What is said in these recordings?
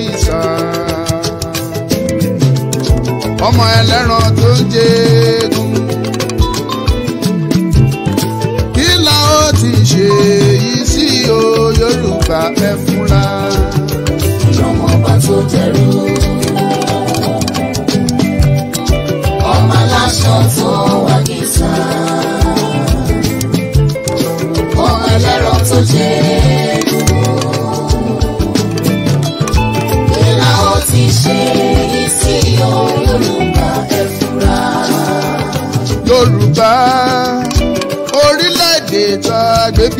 Jesus.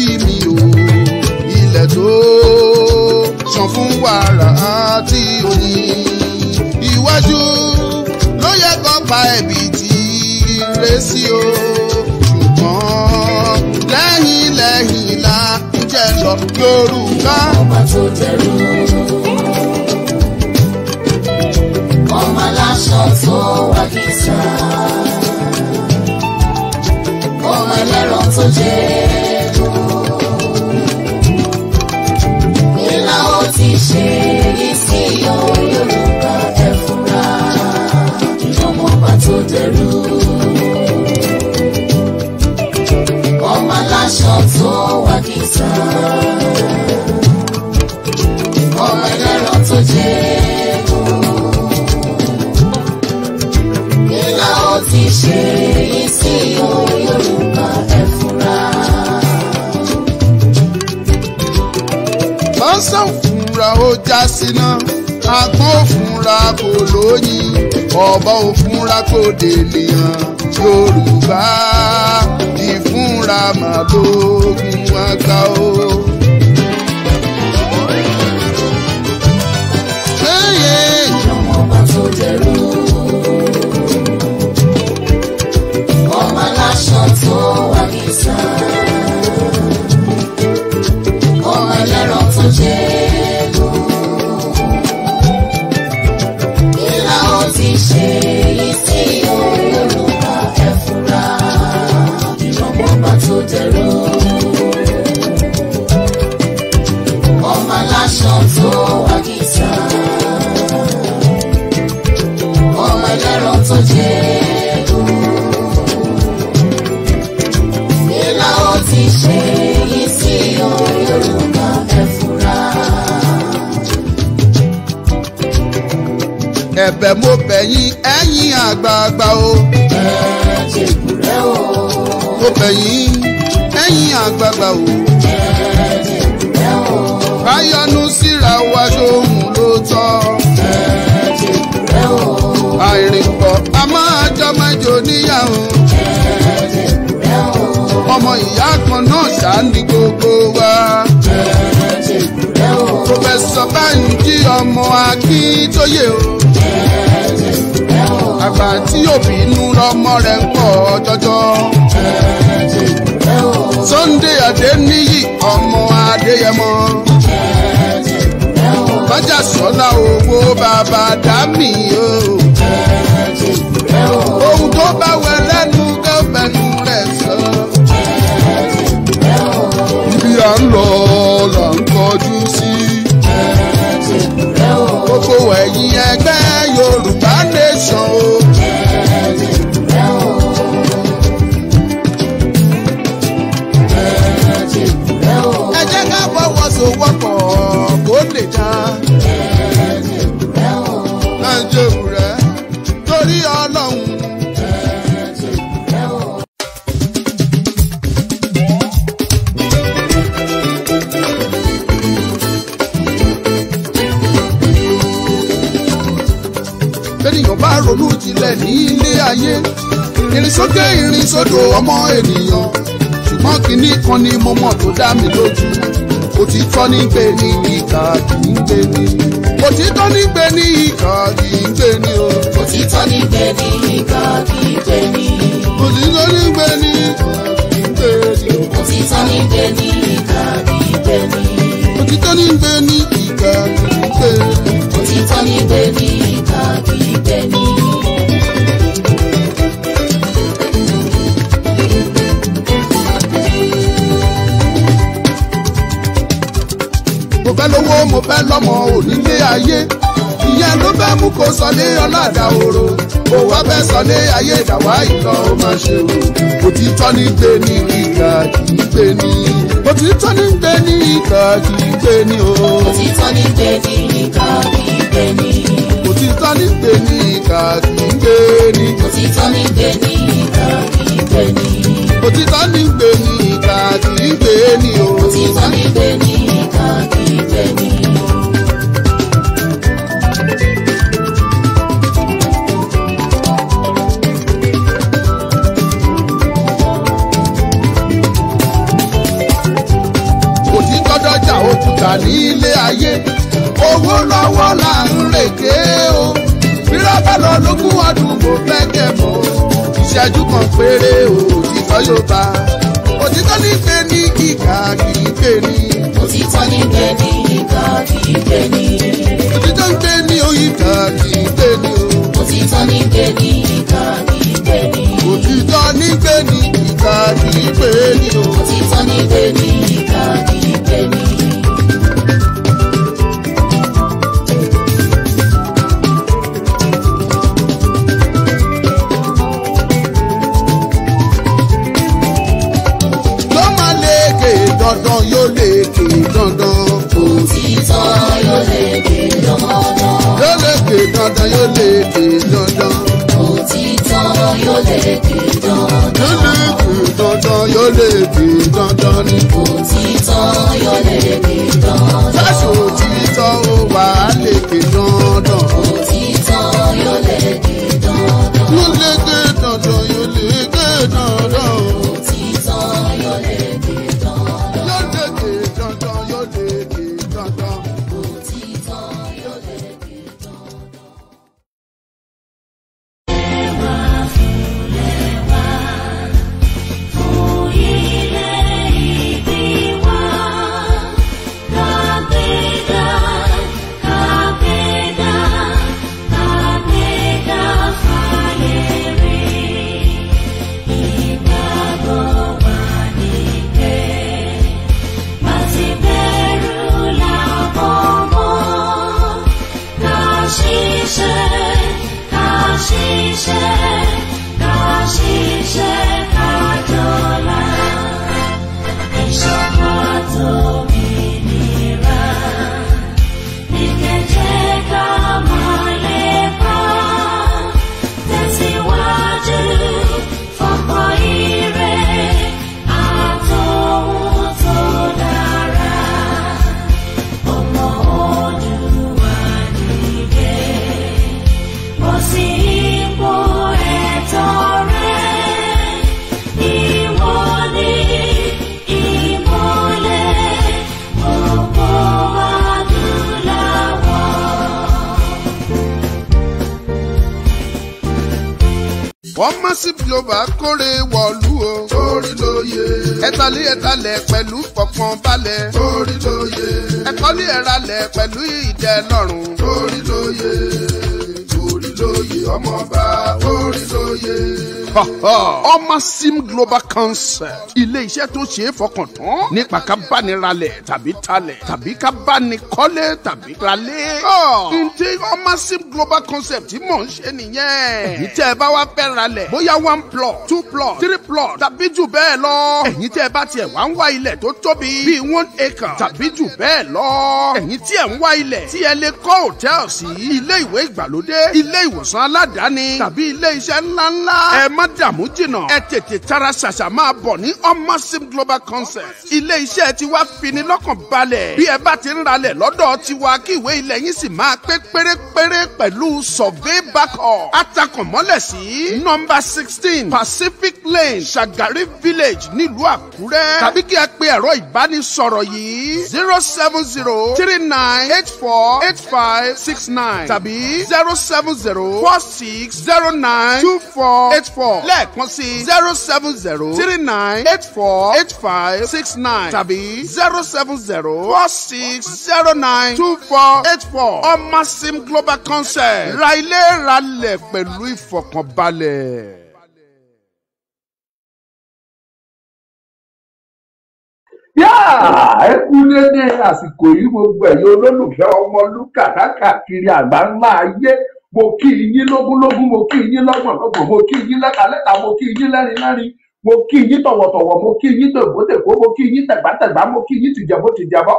bí mi o ilẹ̀ tó ṣàn fún wàrà àti oyin iwájú ló yẹ kó pa ẹ̀bí tí ire sí o ṣùgbọ́n lẹ́yìn lẹ́yìn là ń jẹ lọ Yorùbá. ọmọ ìlà ó ti ṣe èyí sí ìyọ̀wé yorùbá ẹ̀ fúnra ọmọ pàtó já síná agbọ́n ò fúnra kò lóyin ọ̀bọ ò fúnra kò délé hàn Yorùbá ìfúnra màlógún àgbà o. Ọmọ aláṣọ tó wà ní sáà. jẹ̀rọ. ọmọ aláṣọ tó wà kìtà. ọmọ ẹlẹ́rọ tó jẹ́ ẹ̀dùn. nílá ó ti ṣe mo bẹ̀ yín àgbààgbà o. ẹ jẹ́ ìbúrẹ́ o. mo bẹ̀ lẹ́yìn àgbààgbà o. káyọ̀nù síra wa lóhùn ló tọ́. àìrìnpọ̀ a máa jọ mẹ́jọ níyàwó. ọmọ ìyá kan náà ṣáà ní gbogbo wa. pòfẹ́sọ̀ Bánjí ọmọ Akíntóyè o àgbà tí òbí nú lọ́mọ rẹ̀ ń pọ̀ jọjọ. Sunday Adéníyì ọmọ Adéyẹmọ Májàsọ́lá owó bàbá dámì o ohun tó bá wẹ lẹ́nu gọ́bẹ̀nù rẹ̀ sọ. Ibi à ń lọ là ń kọjú sí gbogbo ẹ̀yin ẹgbẹ́ Yorùbá nation o. sowọ́pọ̀ kó lè dá. ẹ̀jẹ̀ òwúrẹ́ torí ọlọ́run. bẹ́ẹ̀nìyàn bá ronú jinlẹ̀ ní ilé ayé ìrìnsókè ìrìnsódò ọmọ ènìyàn ṣùgbọ́n kinní kan ni mo mọ̀ tó dá mi lójú òtítọ́ ní gbé ní ìkà kì í gbé ní. òtítọ́ ní gbé ní ìkà kì í gbé ní o. òtítọ́ ní gbé ní ìkà kì í gbé ní. òtítọ́ ní gbé ní ìkà kì í gbé ní. òtítọ́ ní gbé ní ìkà kì í gbé ní. òtítọ́ ní gbé ní ìkà kì í gbé ní. òtítọ́ ní gbé ní ìkà kì í gbé ní. fẹ́ lówó mo fẹ́ lọ́mọ onílé ayé ìyẹn ló fẹ́ mú kó sọ ní ọ̀làdà òru kó wá fẹ́ sọ ní ayé ìdàwá ìlọ ó máa ṣe o òtítọ́ ní gbé ní ìgbà kì í gbé ní òtítọ́ ní gbé ní ìgbà kì gbé ní o. òtítọ́ ní gbé ní ìgbà kì gbé ní. òtítọ́ ní gbé ní ìgbà kì gbé ní. òtítọ́ ní gbé ní ìgbà kì gbé ní. òtítọ́ ní gbé ní ìgbà kì gbé ní o. òtítọ́ ní gbé kùtà nílé ayé owó lọ́wọ́ là ń rèké o bírọ́bà lọ lógún ọdún mo fẹ́ kẹ̀mọ́ ìṣẹ́jú kan péré o òtítọ́ yóò bá òtítọ́ ní pé ní kíkà kìí pè ní. òtítọ́ ní pé ní kíkà kìí pè ní. òtítọ́ ní pé ní òyìnbá kìí pè ní o. òtítọ́ ní pé ní kíkà kìí pè ní. òtítọ́ ní pé ní kíkà kìí pè ní o. òtítọ́ ní pé ní. òtítọ́ yóò lè di dandan. òtítọ́ yóò lè di dandan. yóò lè di dandan yóò lè di dandan ni. òtítọ́ yóò lè di dandan. fẹ́sùn òtítọ́ ó wà á lè di dandan. All Masim Global cancer. ilé iṣẹ́ tó ṣe é fọkàn tán nípa ká bá ní ralẹ̀ tàbí talẹ̀ tàbí ká bá ní kọ́lé tàbí ralé. ǹdí ọmọsim global concept mò ń ṣe nìyẹn. ẹ̀yin tẹ́ ẹ bá wá fẹ́ ralẹ̀ bóyá one plot two plot three plot tàbí jù bẹ́ẹ̀ lọ. ẹ̀yin tẹ́ ẹ bá tiẹ̀ wá ń wá ilẹ̀ tó tóbi bíi one acre tàbí jù bẹ́ẹ̀ lọ. ẹ̀yin tí ẹ̀ ń wá ilẹ̀ tí ẹ lè kọ́ hòtẹ́ẹ̀lì sí ilé ìwé ìgbàlódé ilé ìwòsàn aládàáni tàbí ilé iṣẹ́ ńláńlá. ẹ má dààmú jìnnà ẹ tètè tara ṣàṣà máa bọ̀ ní ọ Massive Global Concept. Ilé iṣẹ́ ti wá fini lọ́kàn balẹ̀. Bí ẹ bá ti ń ralẹ̀ lọ́dọ̀ tiwa kí ìwé ilẹ̀ yín sì máa pé pérépéré pẹ̀lú survey backup. Atakàn mọ́lẹ̀ sí Number sixteen Pacific Lane Shagari Village nílùú Àkúrẹ́. Tàbí kí ẹ pe ẹ̀rọ ìbánisọ̀rọ̀ yìí zero seven zero three nine eight four eight five six nine tàbí zero seven zero four six zero nine two four eight four lẹ́ẹ̀kan sí zero seven zero three nine eight eight four eight five six nine tàbí zero seven zero four six zero nine two four eight four ọmọsim global concept ra ilé ra lẹ̀ pẹ̀lú ìfọkànbalẹ̀. ẹ kú lédè àsìkò yìí gbogbo ẹ̀yin olólùfẹ́ ọmọlúkà káàkiri àgbà ńlá ayé mo kí yín lógúnlógún mo kí yín lọ́gbọ̀nlọ́gbọ̀n mo kí yín lẹ́tàlẹ́tà mo kí yín lẹ́rìnlẹ́rìn mo kí yín tọ̀wọ̀tọ̀wọ̀ mo kí yín tògbótèkó mo kí yín tẹ̀gbátẹ̀gbá mo kí yín tìjẹ̀bó tìjẹ̀bó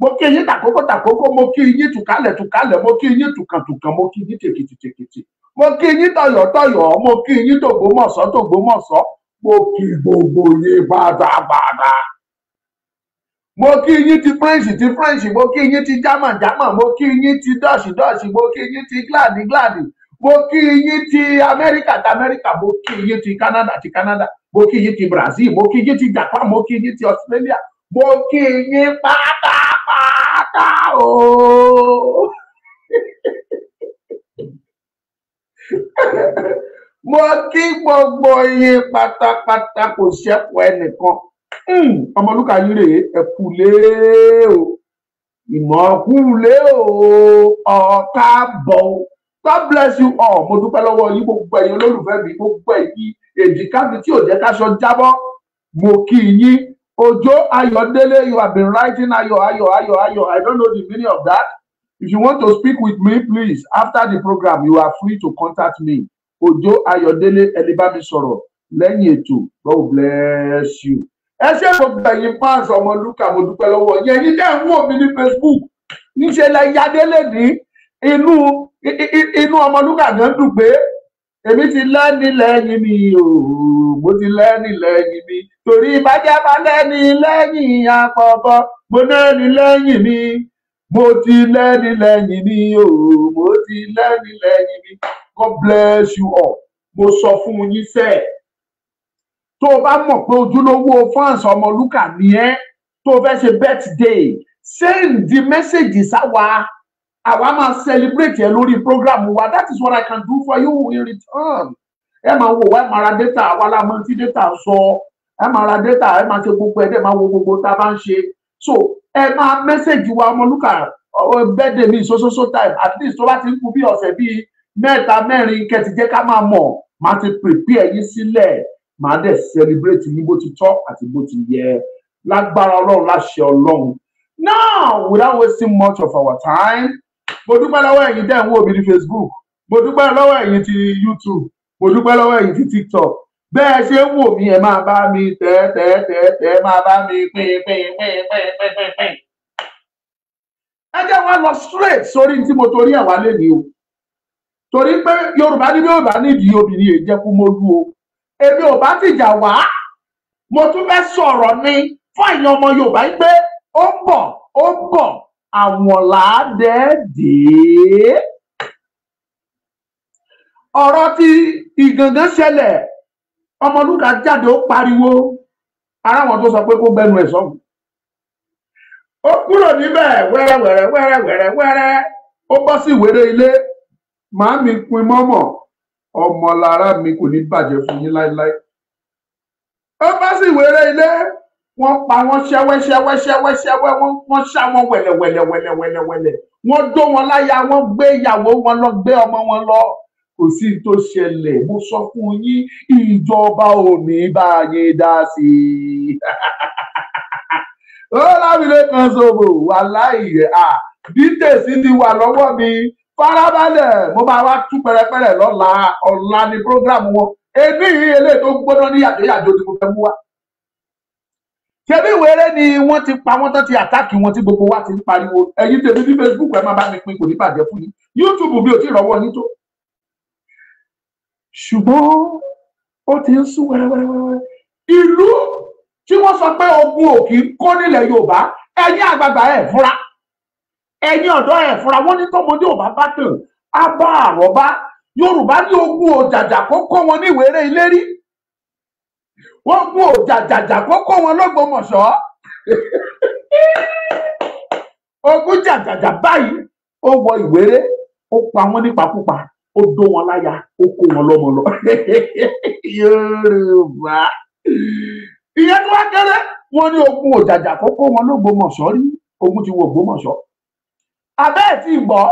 mo kí yín tàkókò tàkókò mo kí yín tùkálẹ̀ tùkálẹ̀ mo kí yín tùkàntùkàn mo kí yín tèkìtì mo kí yín tọ̀yọ̀tọ̀yọ̀ mo kí yín tògbómọ̀ṣọ́ tògbómọ̀ṣọ́ mo kí gbogbo yín pátápátá mo kí yín ti french ti french mo kí yín ti german german mo kí yín ti dutch dutch mo kí yín ti gladi gladi mo kí yín ti america ti america mo kí yín ti canada ti canada mo kí yín ti Brazil mo kí yín ti Japan mo kí yín ti Australia mo kí yín pátápátá o. mo kí gbogbo yín pátápátá kò ṣẹ́kù ẹnìkan hmm, ọmọlúkà yín rèé ẹ̀kú lé o ìmọ̀ọ́kú lé o ọ̀ọ́ká bọ̀ o God bless you all mo dúpẹ́ lọ́wọ́ yín gbogbo ẹ̀yin olólùfẹ́ mi gbogbo ẹ̀yin èjìká mi tí ò jẹ́ káṣọ jábọ́ mo kí yín Ojo Ayọ̀délé you have been writing ayọ̀ ayọ̀ ayọ̀ ayọ̀ I don't know the meaning of that if you want to speak with me please after the program you are free to contact me Ojo Ayọ̀délé ẹni bá mi sọ̀rọ̀ lẹ́yìn ètò God bless you ẹ ṣe gbogbo ẹ̀yin fans Ọmọlúkà mo dúpẹ́ lọ́wọ́ yẹn ní dẹ́ ń wò mí ní Facebook níṣẹ́ lẹ yadé lè ní inú inú Ọmọlúkà gan dùn pé èmi ti lẹ́ni lẹ́yìn mi o mo ti lẹ́ni lẹ́yìn mi torí bájábá lẹ́ni lẹ́yìn àkọ́kọ́ mo lẹ́ni lẹ́yìn mi mo ti lẹ́ni lẹ́yìn mi o mo ti lẹ́ni lẹ́yìn mi God bless you all mo sọ fún yín sẹ́ ẹ̀ tó o bá mọ̀ pé ojúlówó fans ọmọlúkà ni ẹ́ tó o fẹ́ ṣe birthday send the message sáwàá àwa máa celebrate ẹ lórí program wa that is what I can do for you in return ẹ máa wò wá ẹ máa ra data àwa la mọ tí data sọ ẹ máa ra data ẹ máa ṣe gbogbo ẹ dẹ máa wo gbogbo tá a bá ń ṣe so ẹ máa mẹ́sẹ̀gì wa ọmọlúkà uh, uh, bẹ́ẹ̀dẹ̀ mi sososo time at least tó bá ti ń kú bí ọ̀sẹ̀ bíi mẹ́ta mẹ́rin kẹ́tì jẹ́ ká máa mọ̀ máa ti prepare yín sílẹ̀ máa dẹ̀ celebrate yín bó ti tọ́ àti bó ti yẹ lágbára ọlọ́run láṣẹ ọlọ́run now without wasting much of our time mo dúpẹ́ lọ́wọ́ ẹ̀yin tẹ́ ẹ̀ ń wò mí ní facebook mo dúpẹ́ lọ́wọ́ ẹ̀yin ti youtube mo dúpẹ́ lọ́wọ́ ẹ̀yin ti tiktok bẹ́ẹ̀ ṣe ń wò mí ẹ máa bá mi tẹ́ tẹ́ tẹ́ tẹ́ máa bá mi pín pín pín pín pín pín pín. ẹ jẹ́ wá lọ straight sórí tí mo torí ẹ̀ wá lénìí o torí pé yorùbá ní bí yorùbá nídìí obìnrin èjẹ kú mọ́lú o èmi ò bá tìjà wá mo tún fẹ́ sọ̀rọ̀ ni fún àyàn ọmọ yorùbá yìí pé ó ń bọ̀ ó ń bọ̀ àwọ̀nlá dẹ́ẹ̀dẹ́. ọ̀rọ̀ tí ìgangan ṣẹlẹ̀ ọmọlúkà jáde ó pariwo ara wọn tó sọ pé kó gbẹnu ẹ̀ sọ́hùn. ó kúrò níbẹ̀ wẹ́rẹ́wẹ́rẹ́ wẹ́rẹ́wẹ́rẹ́ wẹ́rẹ́ ó bọ́ sí ìwéré ilé màámi pin mọ́mọ́ ọmọ mi kò ní bàjẹ́ fún yín láéláé. ó bá sì wéré ilé wọ́n pa wọ́n ṣẹ́wẹ́ṣẹ́wẹ́ṣẹ́wẹ́ wọ́n ṣá wọn wẹ̀lẹ̀wẹ̀lẹ̀wẹ̀lẹ̀wẹ̀lẹ̀ wọ́n dó wọn láyà wọ́n gbé ìyàwó wọn lọ gbé ọmọ wọn lọ kò sí tó ṣẹlẹ̀ mo sọ fún yín ìjọba ò ní bá yín dá sí i ó lábìlẹ̀ kan ṣòwò wà láìyẹ dítèsí ti wà lọ́wọ́ mi farabalẹ̀ mo máa wá tú pẹ̀rẹ̀pẹ̀rẹ̀ lọ́la ọ̀la ní programu wọn ebi eléyìí tó gbóná ní yàjóyàjó tí mo fẹ́ mú wa ṣebí wèrè ni wọ́n ti pa wọ́n tán ti àtàkì wọn tí gbogbo wa ti ń pariwo ẹ̀yin tèmi ní Facebook ẹ má bá mi pin kò ní bàjẹ́ fún yín YouTube mi ò tí ì rọ́wọ́ yín tó ṣùgbọ́n ó ti ń sún wẹ́rẹ́wẹ́rẹ́ ìlú tí wọ́n sọ pé ogun òkì ń kó nílẹ̀ Yorùbá ẹ̀yin àgbààgbà ẹ̀ fúnra ẹ̀yin ọ̀dọ́ ẹ̀ fúnra wọ́n ní tọmọdé ò bá bá tàn á bá àrọ́bá Yorùbá ní ogun òjàjà kó kó wọn ní wọ́n gún òjàjàjà kó kó wọn lọ́gbọ́mọ̀ṣọ́ ogún jàjàjà báyìí ó wọ ìwéré ó pa wọn nípakúpa ó dó wọn láya ó kó wọn lọ́mọ lọ yorùbá ìyẹn tó wá kéré wọn ní ogun òjàjà kó kó wọn lọ́gbọ́mọ̀ṣọ́ rí ogun ti wọ Ògbómọ̀ṣọ́ abẹ́ẹ̀ tí gbọ́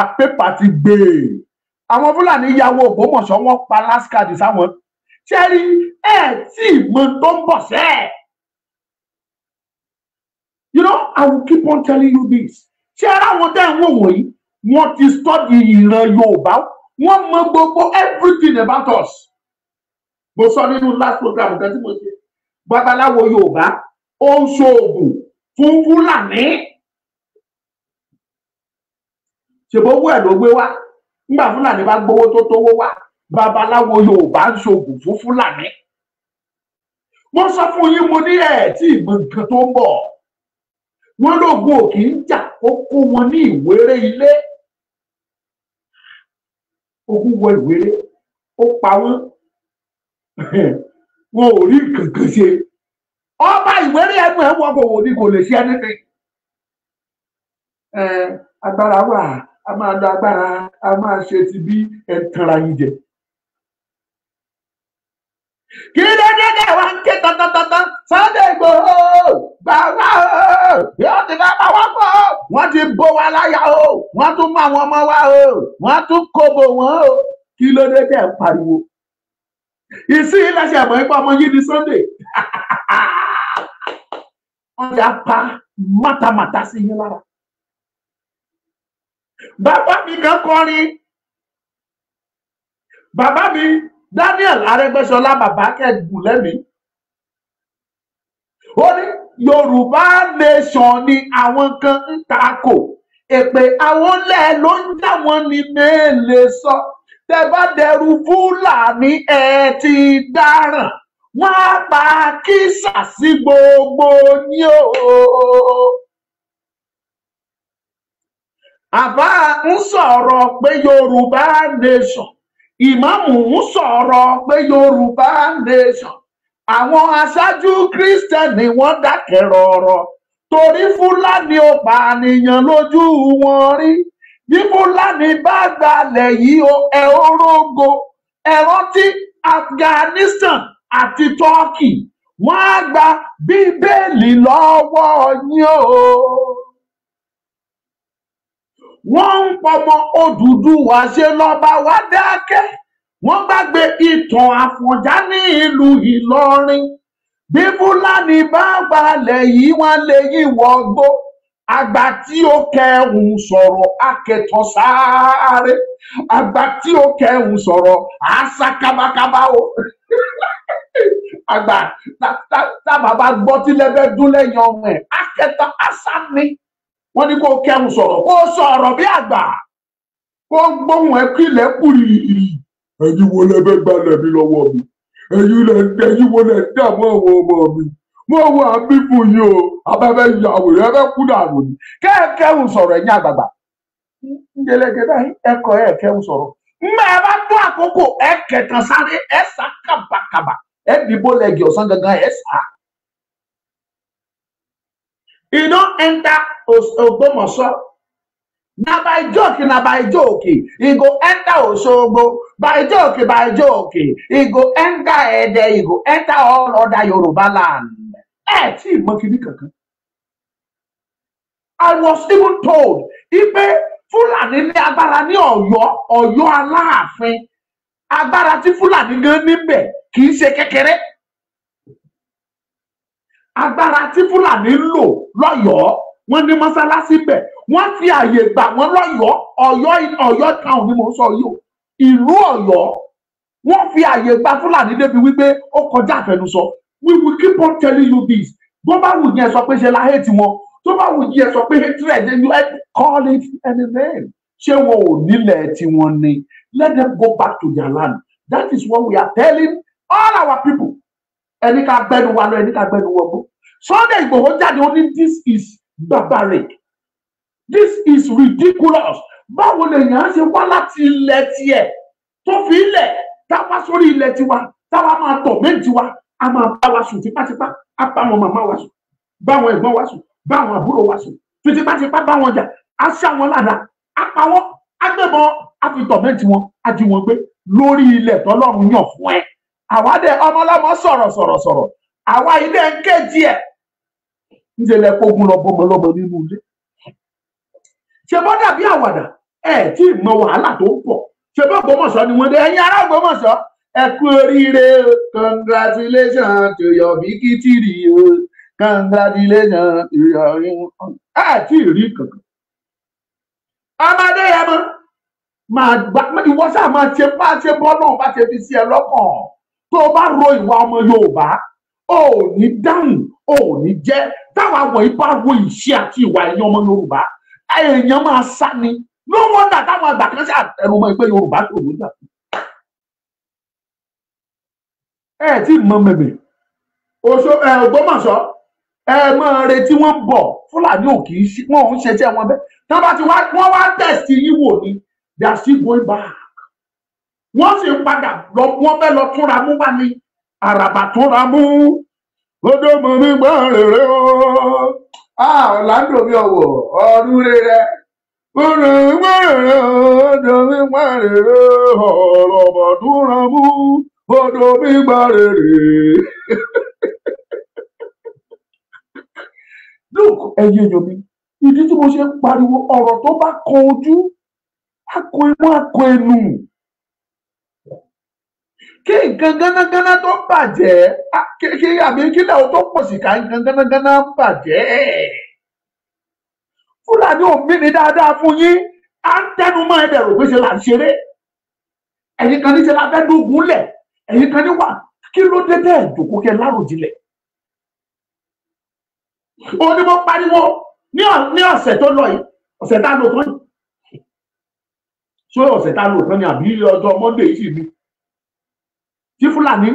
apépà ti gbé àwọn fúlàní ya wọ Ògbómọ̀ṣọ́ wọn pa lásìkàdì sáwọn sẹ́rí ẹ̀ tí mo tó ń bọ̀ sẹ́. you know i will keep on telling you this ṣé ara wọn dá ìwọ̀n wọ̀nyí wọ́n ti study ìran yorùbá wọ́n mọ gbogbo everything about us. mo sọ nínú last program kan tí mo ṣe babaláwo yorùbá ó ń ṣoògùn fún fúlàní. ṣèbó owó ẹ̀ ló gbé wá nígbà fúlàní bá gbowó tó tówó wá babaláwo yorùbá ń ṣoògùn fún fúlàní wọ́n sọ fún yín mo ní ẹ̀ tí ìmọ̀ nǹkan tó ń bọ̀ wọ́n lóògùn òkè ń jà ó kó wọn ní ìwéré ilé ogun wọ ìwéré ó pa wọ́n wọn ò rí kankan ṣe ọba ìwéré ẹnu ẹ wọ gbòòwò ni kò lè ṣe ẹnìkan agbára wà a máa lo agbára a máa ṣe ti bí ẹ tanra yín jẹ kí ló dé dé wá ń ké tantantantan Sunday Igboho gbà wá o yóò ti fẹ́ bá wá pọ̀ o wọ́n ti bó wa láyà o wọ́n tún mú àwọn ọmọ wa o wọ́n tún kóbo wọn o kí ló dé dé pariwo ìsín lẹ́sẹ̀ àmọ́ ipá ọmọ yìí ni Sunday wọ́n ti pa mátamátá sí yín lára bàbá mi kan kọrin bàbá mi. Daniel Arẹ́gbẹ́ṣọlá bàbá kẹgùn lẹ́mìí ó ní Yorùbá nation ni àwọn kan ń takò èpè àwọn lẹ ló ń já wọn ni mẹlẹ sọ tẹ bá dẹrù fúlàní ẹ ti dáràn wọn á pa kísà sí gbogbo ní o. àbá ń sọ̀rọ̀ pé Yorùbá nation ìmáàmù ń sọ̀rọ̀ pé yorùbá nation àwọn aṣáájú kírísítẹ́nì wọ́n dákẹ́ rọ̀rọ̀ torí fúlàní ò pànìyàn lójú wọn rí bí fúlàní bá gbalẹ̀ yìí ẹ ó rógo ẹ afghanistan àti turkey wọ́n á gba bíbélì lọ́wọ́ yín o wọ́n ń pọmọ Odùduwà ṣe lọ́ba wá dákẹ́ wọ́n gbàgbé ìtàn Àfọ̀njá ní ìlú Ìlọrin bí Fúlàní bá balẹ̀ yìí wọ́n lè yí wọ́gbó àgbà tí ó kẹhùn sọ̀rọ̀ akẹ́tọ̀ sáré àgbà tí ó kẹhùn sọ̀rọ̀ àṣà kábàkábà o àgbà tá bàbá gbọ́ tí lẹ́bẹ̀ẹ́ dún lẹ́yìn ọmọ ẹ̀ akẹ́tọ̀ àṣà ni. wọ́n ní kó kẹ́hùn sọ̀rọ̀ kó sọ̀rọ̀ bí àgbà kó gbóhùn ẹ wo lẹ mi lọwọ mi ẹ̀yin lẹ ẹ̀yin wo lẹ dààmú àwọn ọmọ mi mo wọ o abẹ́fẹ́ yàwó ẹ fẹ́ kú ni ẹ bá sáré ẹ sá dìbò gangan ẹ sá e don enter ogbomoso na by joke na by joke e go enter osogbo by joke by joke e go enter ede e go enter all other yoruba land ẹ eh, tí ì mọ kankan i was even told ipe Fulani ní agbára ní ọ̀yọ́ ọ̀yọ́ aláàfin Fulani tí fúlàní gan níbẹ̀ kì agbára tí fúlàní lò lọ́yọ̀ọ́ wọ́n ní mọ́sálásí bẹ̀ wọ́n fi àyè gbà wọ́n lọ́yọ̀ọ́ ọ̀yọ́ ọ̀yọ́ town ni mo ń sọ yìí o ìlú ọ̀yọ́ wọ́n fi àyè gbà fúlàní débi wípé ó kọjá àfẹnusọ we will keep on telling you this bó bá wù yẹn sọ pé ṣe la hate wọn tó bá wù yẹn sọ pé hatred you call it any name ṣé wọn ò nílẹ̀ tiwọn ni let them go back to their land that is what we are telling all our people ẹni ká gbẹnu wa lọ ẹni ká gbẹnu wọgbó Sunday Igboho jáde ó ní this is barbaric this is ridiculous báwo lèèyàn ṣe wá láti ilẹ̀ tiẹ̀ tó fi ilẹ̀ táwa sórí ilẹ̀ tiwa táwa máa tọ̀ méjì wa a máa bá wa sùn tipátipá a bá wọn màmá wa sùn bá wọn ẹ̀gbọ́n wa sùn bá wọn àbúrò wa sùn tipátipá bá wọn jà a ṣá wọn lára a pa wọn agbébọn a fi tọ̀ méjì wọn a jí wọn gbé lórí ilẹ̀ tọ́lọ́run yàn fún ẹ àwa dẹ ọmọlọmọ sọ̀rọ̀ sọ̀rọ̀ sọ̀rọ̀ àwa ilé ń ké díẹ̀ níṣẹlẹ̀ kógun lọ bọmọ lọmọ nínú ilé ṣe bọ́ dàbí àwàdà ẹ tí mọ wàhálà tó ń pọ̀ ṣe bọ́ Ògbómọ̀ṣọ́ ni wọ́n dé ẹ̀yin ará Ògbómọ̀ṣọ́ ẹ kú oríire congratulation to your bikitiri o congratulation to your ẹ tí ì rí kankan ọmọdé yẹn mọ màá gbà ìwọ sáà máa ṣe bá ṣe bọ́ náà bá ṣe fi sí ẹ lọ́kàn tó o bá ro ìwà ọmọ yorùbá o ò ní dáhùn o ò ní jẹ táwa wọ̀nyí bá wo ìṣe àti ìwà ẹ̀yìn ọmọ yorùbá èèyàn máa sá ni ló wọ́n dà táwọn àgbà kan ṣe àtẹnumọ́ ẹgbẹ́ yorùbá tó ló dà. ẹ tí mọ mẹmẹ oṣù ẹ Ògbómọ̀ṣọ́ ẹ máa retí wọn ń bọ̀ fúlàní ò kì í ṣe wọn ò ń ṣe iṣẹ́ wọn bẹ́ẹ̀ tí wọn bá ti wá wọn wá tẹsí yín ni they are still going back wọ́n sì padà lọ wọ́n fẹ́ lọ túnra mú wá ní àràbà túnra mú lọ́dọ̀ mọ̀ nígbà rere o. Orlando mi ọ̀wọ̀ ọdún rere ọ̀rọ̀ nígbà rere ọdún nígbà rere ọ̀rọ̀ mọ̀ túnra mú ọdún nígbà rere. Look, ẹ̀yin èèyàn mi, ìdí tí mo ṣe ń pariwo ọ̀rọ̀ tó bá kọ ojú, a kọ inú, a kọ ẹnu kí nǹkan gánágáná tó bàjẹ́ kí àbí kílẹ̀ o tó pọ̀ sí ká nǹkan gánágáná ń bàjẹ́ fúlàní òmìnir dáadáa fún yín á ń tẹnu mọ́ ẹ bẹ̀rù pé ṣe là ń ṣeré ẹ̀yin kan ní ṣe la fẹ́ dógun lẹ̀ ẹ̀yin kan ní wà kí ló dé tẹ́ ẹ̀ dòkó o láròjinlẹ̀ òun ni mo pariwo ní ọ̀sẹ̀ tó lọ yìí ọ̀sẹ̀ tá a lò tán yìí ṣé ọ̀sẹ̀ tá a lò tán ni àbí ọjọ́ mọ́ndé yìí sì ni tí fúlàní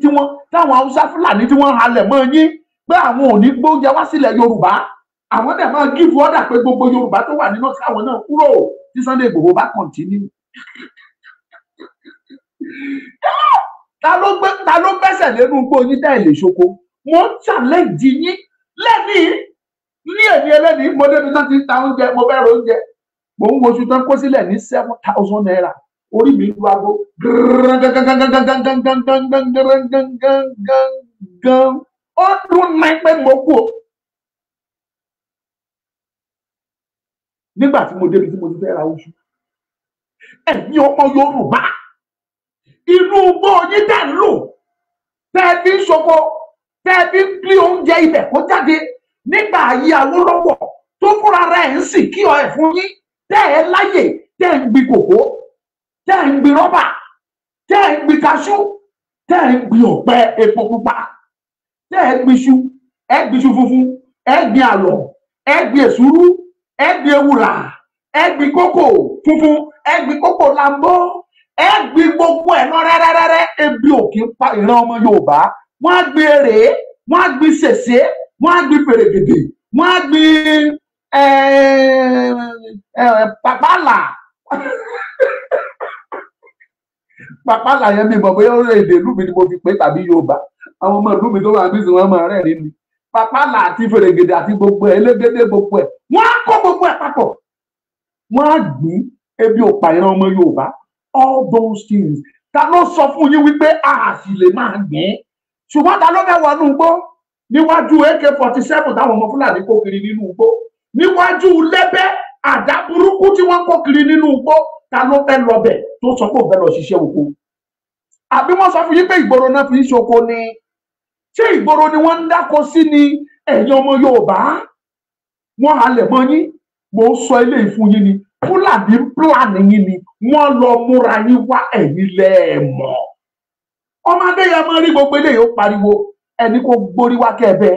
tí wọ́n táwọn haúsá fúlàní tí wọ́n halẹ̀ mọ́ yín pé àwọn ò ní gbóúnjẹ wá sílẹ̀ yorùbá àwọn dẹ̀ máa gífù ọ̀dà pé gbogbo yorùbá tó wà nínú káwọn náà kúrò tí Sunday Igboho bá kọ̀ǹtínú. ta ló gbẹ́sẹ̀ lẹ́nu gbó yín dá ilé ṣoko mo ń challenge yín lẹ́nìí ní èmi ẹlẹ́nìí mo débi tán ti ta oúnjẹ mo fẹ́ ro oúnjẹ mo ń woṣù tán kó sílẹ̀ ní seven thousand naira orí mi lu aago gangan ó dún náà pé mo kú o. nígbà tí mo débi tí mo ti fẹ́ ra oṣù ẹ̀yin ọmọ Yorùbá inú bó yín dà ń lò tẹ́ẹ̀bí ń ṣoko tẹ́ẹ̀bí ń pín oúnjẹ ibẹ̀ kó jáde nígbà ayé Awólọ́wọ̀ tó fúnra rẹ̀ ń sì kí ọ ẹ̀ fún yín tẹ́ ẹ tẹ́ ẹ̀ ń gbin rọ́bà tẹ́ ẹ̀ ń gbin kaṣú tẹ́ ẹ̀ ń gbin ọ̀pẹ epo pupa tẹ́ ẹ̀ ń gbin iṣu ẹ̀ gbin iṣu funfun ẹ̀ gbin àlọ̀ ẹ̀ gbin èsúrú ẹ̀ gbin ewùrà ẹ̀ gbin kókò funfun ẹ̀ gbin kókò lambó ẹ̀ gbin gbogbo ẹ̀ náà rẹ́rẹ́rẹ́rẹ́ ebi òkè pa ìran ọmọ Yorùbá wọ́n á gbin èrè wọ́n á gbin sèse wọ́n á gbin pèrègèdè wọ́n á gbin pàpàlà Papa làyẹn mi mọ̀ bóyá orí èdè ìlú mi ni mo fi pé tàbí Yorùbá àwọn ọmọ ìlú mi tó wà níbi ìsìn wọn máa rẹ̀ nínú pápá là àti fèrègèdè àti gbogbo ẹ̀ elégédé gbogbo ẹ̀ wọ́n á kó gbogbo ẹ̀ papọ̀ wọ́n á gbìn ebi òpàyàn ọmọ Yorùbá all those things ta ló sọ fún yín wípé a sì lè máa gbìn ṣùgbọ́n ta ló fẹ́ wọnú igbó níwájú AK forty seven táwọn ọmọ Fúlàní kó kiri nínú igbó níwájú lẹ́bẹ́ àdá burúkú tí wọ́n kó kiri nínú igbó ta ló fẹ́ lọ bẹ̀ tó sọ pé òun fẹ́ lọ ṣiṣẹ́ oko àbí wọ́n sọ fún yín pé ìgboro náà fi ń ṣoko ni ṣé ìgboro ni wọ́n ń dáko sí ni ẹ̀yin ọmọ Yorùbá wọ́n halẹ̀ mọ́ yín mò ń sọ eléyìí fún yín ni Fúlàní pílàní yín ni wọ́n lọ múra yín wá ẹ̀yin lẹ́ẹ̀mọ́ ọmọdé yẹn máa rí gbogbo eléyìí ó pariwo ẹni kò gbórí wá kẹ́ẹ̀bẹ́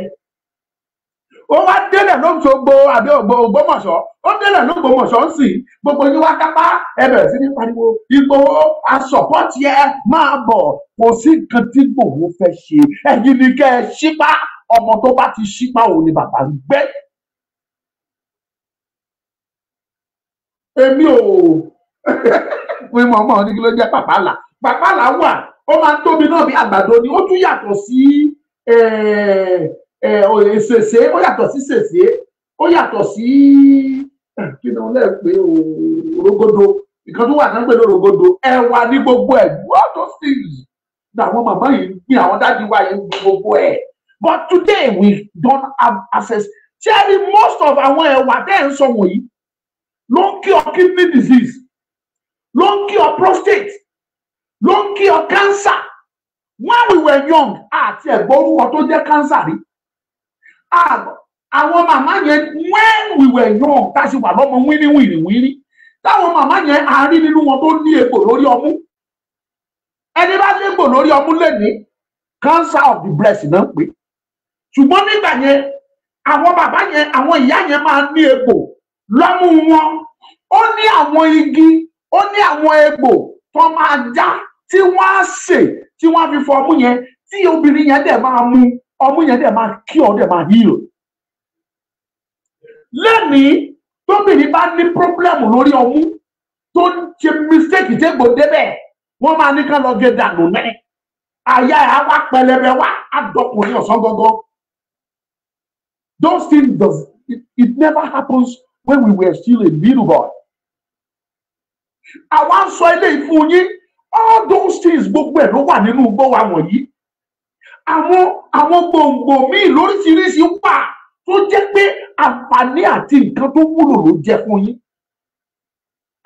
ó wá délẹ̀ ló ń so gbo àbí Ògbómọ̀ṣọ́ ó délẹ̀ ló Ògbómọ̀ṣọ́ ń sìn gbogbo yín wá kápá ẹ bẹ̀rẹ̀ sí ní pariwo Ìgbòho asọ̀pọ̀tì ẹ máa bọ̀ kò sí nǹkan tí Ìgbòho fẹ́ ṣe ẹ̀yin ni kẹ́ ẹ ṣípá ọmọ tó bá ti ṣípá òun ni bàbá ń gbé. èmi ò pé mọ̀mọ́ ní kí ló jẹ́ pàpàlà pàpàlà wà ó máa tóbi náà bí àgbàdo ni ó tún yàtọ̀ sí ẹ̀ẹ́ eh, ṣèṣe ó yàtọ̀ sí ṣèṣe ó yàtọ̀ sí kí ni wọ́n lè pe òrogodo nǹkan tó wà náà pé lórogodo ẹwà ní gbogbo what gbọ́dọ̀ sí yìí làwọn màmá yìí ń gbin àwọn dájú wa yìí ń gbin gbogbo ẹ̀ but today we don't have access ṣẹ́ẹ́rì most of àwọn ẹ̀wà tẹ́ ẹ̀ ń sọ wọ̀nyí ló ń kí ọ kidney disease ló ń kí ọ prostate ló ń kí ọ cancer when we were young àti ẹ̀gbọ́n orúkọ tó jẹ́ cancer rí àwọn màmá yẹn when we were young tá a ṣe wà lọ́mọ wíníwìnìwíní táwọn màmá yẹn a rí nínú wọn tó ní egbò lórí ọmú ẹni bá ní egbò lórí ọmú lè ní cancer of the breast náà pé ṣùgbọ́n nígbà yẹn àwọn bàbá yẹn àwọn ìyá yẹn máa ní egbò lọ́mú wọn ó ní àwọn igi ó ní àwọn egbò tó máa já tí wọ́n á sè tí wọ́n á fi fọ ọmú yẹn tí obìnrin yẹn dẹ̀ máa mu ọmú yẹn dẹ̀ máa kí ọ dẹ̀ máa heal lẹ́nìí tóbìnrin bá ní pírọ́blẹ́mù lórí ọmú tó ń ṣe mistake tégbò débẹ̀ wọ́n máa ní ká lọ gé dànù náà àyà ẹ̀ á wá pẹlẹbẹ wá á dọkùnrin ọ̀sán gangan those things does it, it never happens when we were still a little boy àwa ń sọ eléyìí fún yín all those things gbogbo ẹ̀ ló wà nínú gbọ́ wa wọ̀nyí àwọn àwọn gbòǹgbò míì lóríṣiríṣi wà tó jẹ́ pé àǹfààní àti nǹkan tó wúlò ló jẹ́ fún yín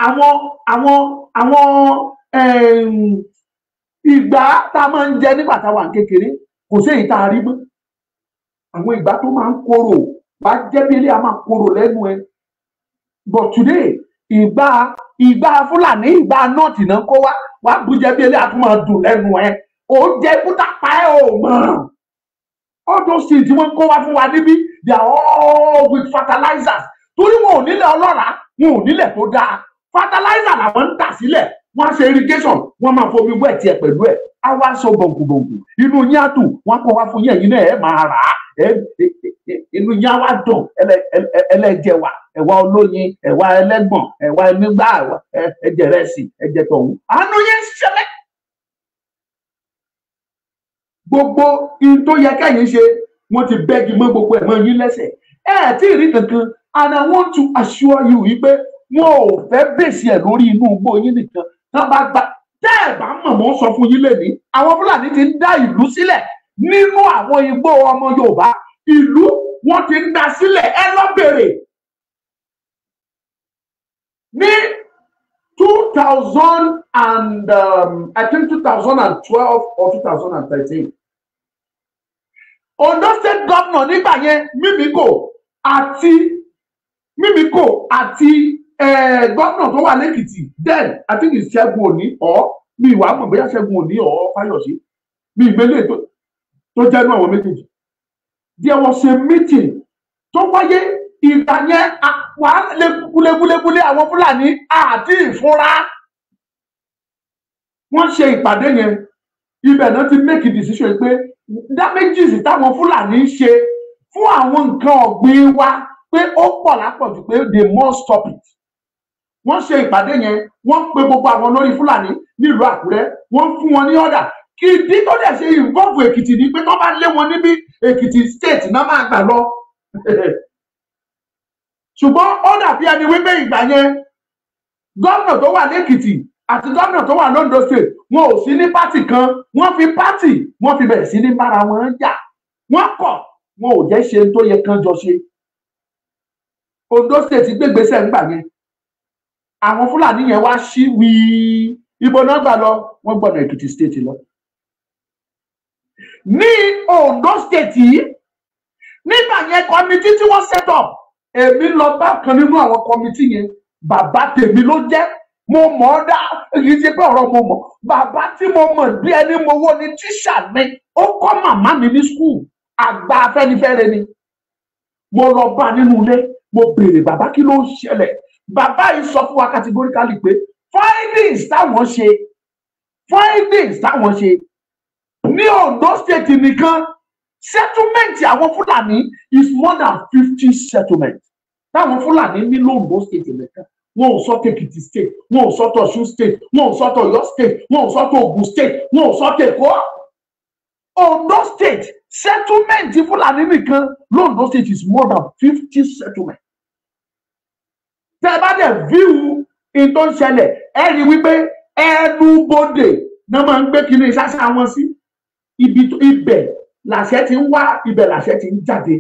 àwọn àwọn àwọn ìgbà tá a máa ń jẹ nígbà tá a wà kékeré kò sí èyí tá a rí mọ́ àwọn ìgbà tó máa ń korò bá jẹ́ bí ilé a máa korò lẹ́nu ẹ but today ìgbà ìgbà fúlàní ìgbà nọ́ọ̀tì náà kó wá wá bùjẹ́ bí ilé a tún máa dùn lẹ́nu ẹ ó jẹ́ kúta pa ẹ́ ò mọ̀ all those things tí wọ́n kó wá fún wa níbí they are all with fertilizers torí wọn ò nílẹ̀ ọlọ́ràá wọn ò nílẹ̀ tó dáa fertilizer làwọn ń tà sílẹ̀ wọ́n á ṣe irrigation wọ́n máa fomi wẹ̀ tiẹ̀ pẹ̀lú ẹ̀ á wá sọ bọ̀ǹkùbọ̀ǹkù inú yín á tù wọ́n kọ́ wá fún yín ẹ̀yin náà ẹ̀ máa rà á inú yín á wá dùn ẹlẹ́jẹ̀wà ẹ̀wà olóyin ẹ̀wà ẹlẹ́gbọ̀n ẹ̀wà ẹnigbà ẹ̀jẹ̀ rẹ̀ sì ẹ̀jẹ̀ tọ̀hún àánú yín ṣẹlẹ̀ gbogbo in tó yẹ kẹ́yìn ṣe wọ́n ti bẹ́gi mọ́ gbogbo ẹ̀ mọ́ yín lẹ́sẹ̀ ẹ̀ tí rí kankan and I want to assure you wípé wọn ò fẹ́ bèsì ẹ̀ lórí inú igbó yín nìkan tán bá gba tẹ́ ẹ̀ bá mọ̀ sọ fún yín lẹ́ni àwọn Fúlàní ti ń dá ìlú sílẹ̀ nínú àwọn igbó ọmọ Yorùbá ìlú wọn ti ń dá sílẹ̀ ẹ lọ bèrè ní two thousand and um, I think two thousand and twelve or two thousand and thirteen Ondo state governor nígbà yẹn Mímíkò àti Mímíkò àti governor tó wà lẹ́kìtì then I think it's Ṣẹ́gun Òní ọ̀ mi ìwà mọ̀ bóyá Ṣẹ́gun Òní ọ̀ Fáyọ̀ṣe mi ìgbélé tó jẹ́ inú àwọn méjèèjì there was a meeting tó wáyé ìgbà yẹn wà lẹ́kúlẹ́kúlẹ́kúlẹ́ àwọn Fúlàní àti ìfúnra wọ́n ṣe ìpàdé yẹn ibẹ̀ náà ti make a decision pé damages táwọn fúlàní ń ṣe fún àwọn nǹkan ọ̀gbìn wa pé ó pọ̀ lápọ̀jù pé they must stop it wọ́n ṣe ìpàdé yẹn wọ́n pe gbogbo àwọn olórí fúlàní nílùú àkúrẹ́ wọ́n fún wọn ní ọ̀dà kí ìdí tó dẹ̀ ṣe involve èkìtì ni pé tó bá lé wọn níbi èkìtì state náà máa gbà lọ ṣùgbọ́n ó dàbí ẹni wípé ìgbà yẹn gómìnà tó wà lẹ́kìtì àti gómìnà tó wà londo state wọn ò sí ní pátì kan wọ́n fi pátì wọ́n fi bẹ̀rẹ̀ sí ní bára wọn jà wọ́n kọ̀ wọn ò jẹ́ ṣe tó yẹ kán jọ ṣe Ondo State gbégbèsè ńgbà yẹn àwọn Fúlàní yẹn wá sí wíi ibo náà gbà lọ wọ́n gbọ́dọ̀ Èkìtì State lọ ní Ondo State yìí nígbà yẹn kọmitì tí wọ́n set up èmi lọ bá kan nínú àwọn kọmitì yẹn bàbá tèmi ló jẹ́ mo mọ̀ ọ́ dá èyí ti pé ọ̀rọ̀ mo mọ̀ bàbá tí mo mọ̀ bí ẹni mo wó ni tíṣà mi ó kọ́ màmá mi ní skul àgbà afẹ́nifẹ́re ni mo lọ bá nínú ilé mo béèrè bàbá kí ló ń ṣẹlẹ̀ bàbá yìí sọ fún wa categorically pé findings táwọn ṣe findings táwọn ṣe ní Ondo state nìkan settlement àwọn Fúlàní is more than fifty settlement táwọn Fúlàní ní l'Ondo state nìkan wọn ò sọ́tò èkìtì state wọn ò sọ́tò ọ̀ṣun state wọn ò sọ́tò ọ̀yọ́ state wọn ò sọ́tò ògùn state wọn ò sọ́tò èkó ondo state settlement fúlàní nìkan londo state is more than fifty settlement tẹ bá dẹ fíwù ìtò ń ṣẹlẹ̀ ẹ rí wípé ẹnu bodè náà máa ń gbé kiri ṣáṣá wọn sí ibi ibẹ̀ làṣẹ ti ń wá ibẹ̀ làṣẹ ti ń jáde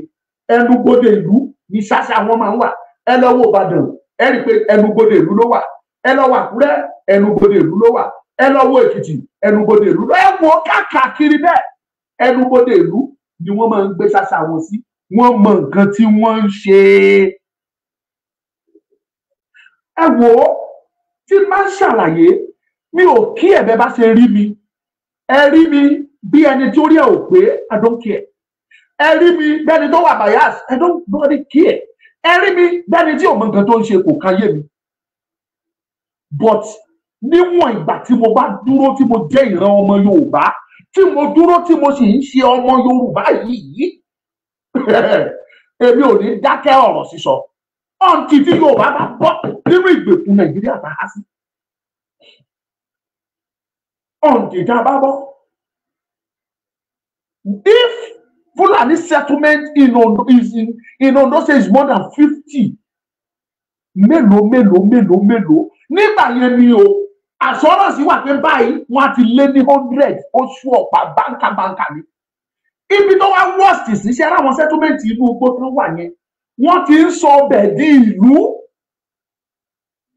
ẹnu bodè ìlú ní ṣáṣá wọn máa ń wà ẹ lọ wo Ìbàdàn ẹ rí i pé ẹnubodè ìlú ló wà ẹ lọ wà Àkúrẹ́ ẹnubodè ìlú ló wà ẹ lọ wo Èkìtì ẹnubodè ìlú ẹ wọ káàkiri bẹ́ẹ̀ ẹnubodè ìlú ni wọ́n máa ń gbé sàṣà wọn sí wọ́n mọ nǹkan tí wọ́n ń ṣe ẹ wò tí máa ń ṣàlàyé mi ò kí ẹ̀bẹ̀ bá ṣe rí mi ẹ rí mi bí ẹni tó rí ẹ ò pé I don't care ẹ rí mi bẹ́ẹ̀ni tó wà bias I don't nobody care ẹ rí mi dání tí ò mọ nǹkan tó ń ṣe kò káyé mi but níwọ̀n ìgbà tí mo bá dúró tí mo jẹ́ ìran ọmọ Yorùbá tí mo dúró tí mo sì ń ṣe ọmọ Yorùbá yìí èmi ò ní dákẹ́ ọ̀rọ̀ sísọ ọ̀ǹtì tí Yorùbá bá bọ́ nínú ìgbèkùn Nàìjíríà bá há sí ọ̀ǹtì tá a bá bọ́ if Fulani settlement in Ondo is in, in Ondo say is more than fifty. Melo, melo, melo, melo, Nígbà yẹn ni o, assurance wà pé báyìí wọ́n á ti lé ní hundred oṣù ọ̀pá báńkà báńkà ni. Ibi tó wá worst sí ṣe ara wọn settlement inú igbó tó wà yẹn. Wọ́n ti ń sọ ọbẹ̀ di ìlú.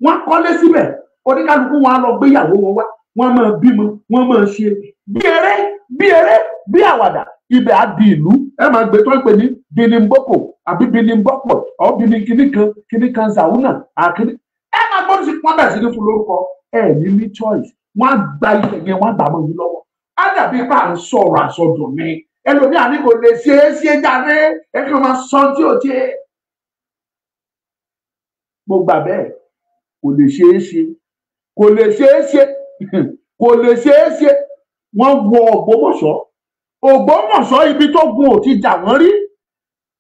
Wọ́n kọ́lé síbẹ̀. Oníkálukú wọn á lọ gbéyàwó wọn wá. Wọ́n máa bímọ, wọ́n máa ṣe bí eré bí eré bí àwàdà ibẹ̀ á di ìlú ẹ máa gbé tó ń pè ní binimboko àbí binimbopo ọ̀ bini kìnìkan kìnìkan zauna àkìní ẹ máa gbọ́dọ̀ sí pọ́n bẹ̀rẹ̀ sí ní fún ẹ ní ní choice wọ́n á gba ilẹ̀ yẹn wọ́n á gbà mọ́ yín lọ́wọ́ á dàbí pa à ń sọ̀rọ̀ àsọdùn mi ẹlòmíà ní kò lè ṣe é ṣe jáde ẹ kàn máa sọ tí ò jẹ mo gbà bẹ́ẹ̀ kò lè ṣe é ṣe kò lè ṣe é ṣe kò lè ṣe é ṣe wọ́n wọ Ògbómọ̀ṣọ́ ògbómọ̀ṣọ́ ibi tó gun ò jà wọ́n rí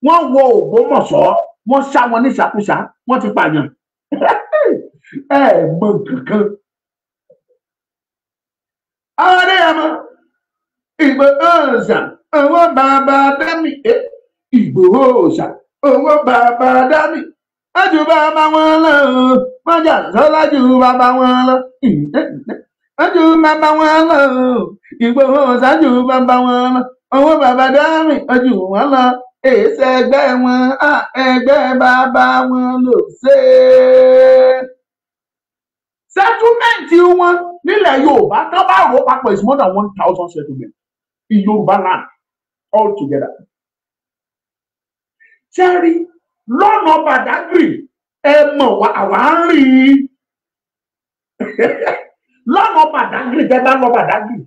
wọ́n wọ ògbómọ̀ṣọ́ wọ́n ṣá wọn ní ṣàkúṣà wọ́n ti pààyàn ẹ mọ kankan. ààrẹ àmọ ìgbò òòṣà owó bàbá dání ìgbò òòṣà owó bàbá dání ẹjù bàbá wọn lọ wọn jà sọlá ju bàbá wọn lọ ojú bàbá wọn lọ Ìgbòho ṣáájú bàbá wọn lọ owó bàbá dárìn ojú wọn lọ èsì ẹgbẹ́ wọn ẹgbẹ́ bàbá wọn ló ṣe settlement wọn nílẹ̀ Yorùbá tó bá rò papọ̀ is more than one thousand settlement in Yorùbá land all together ṣẹ́rí lọ́nà Badagry ẹ mọ̀ wá àwa lọ́nà bàdágìrì tẹ́ bá lọ bàdágìrì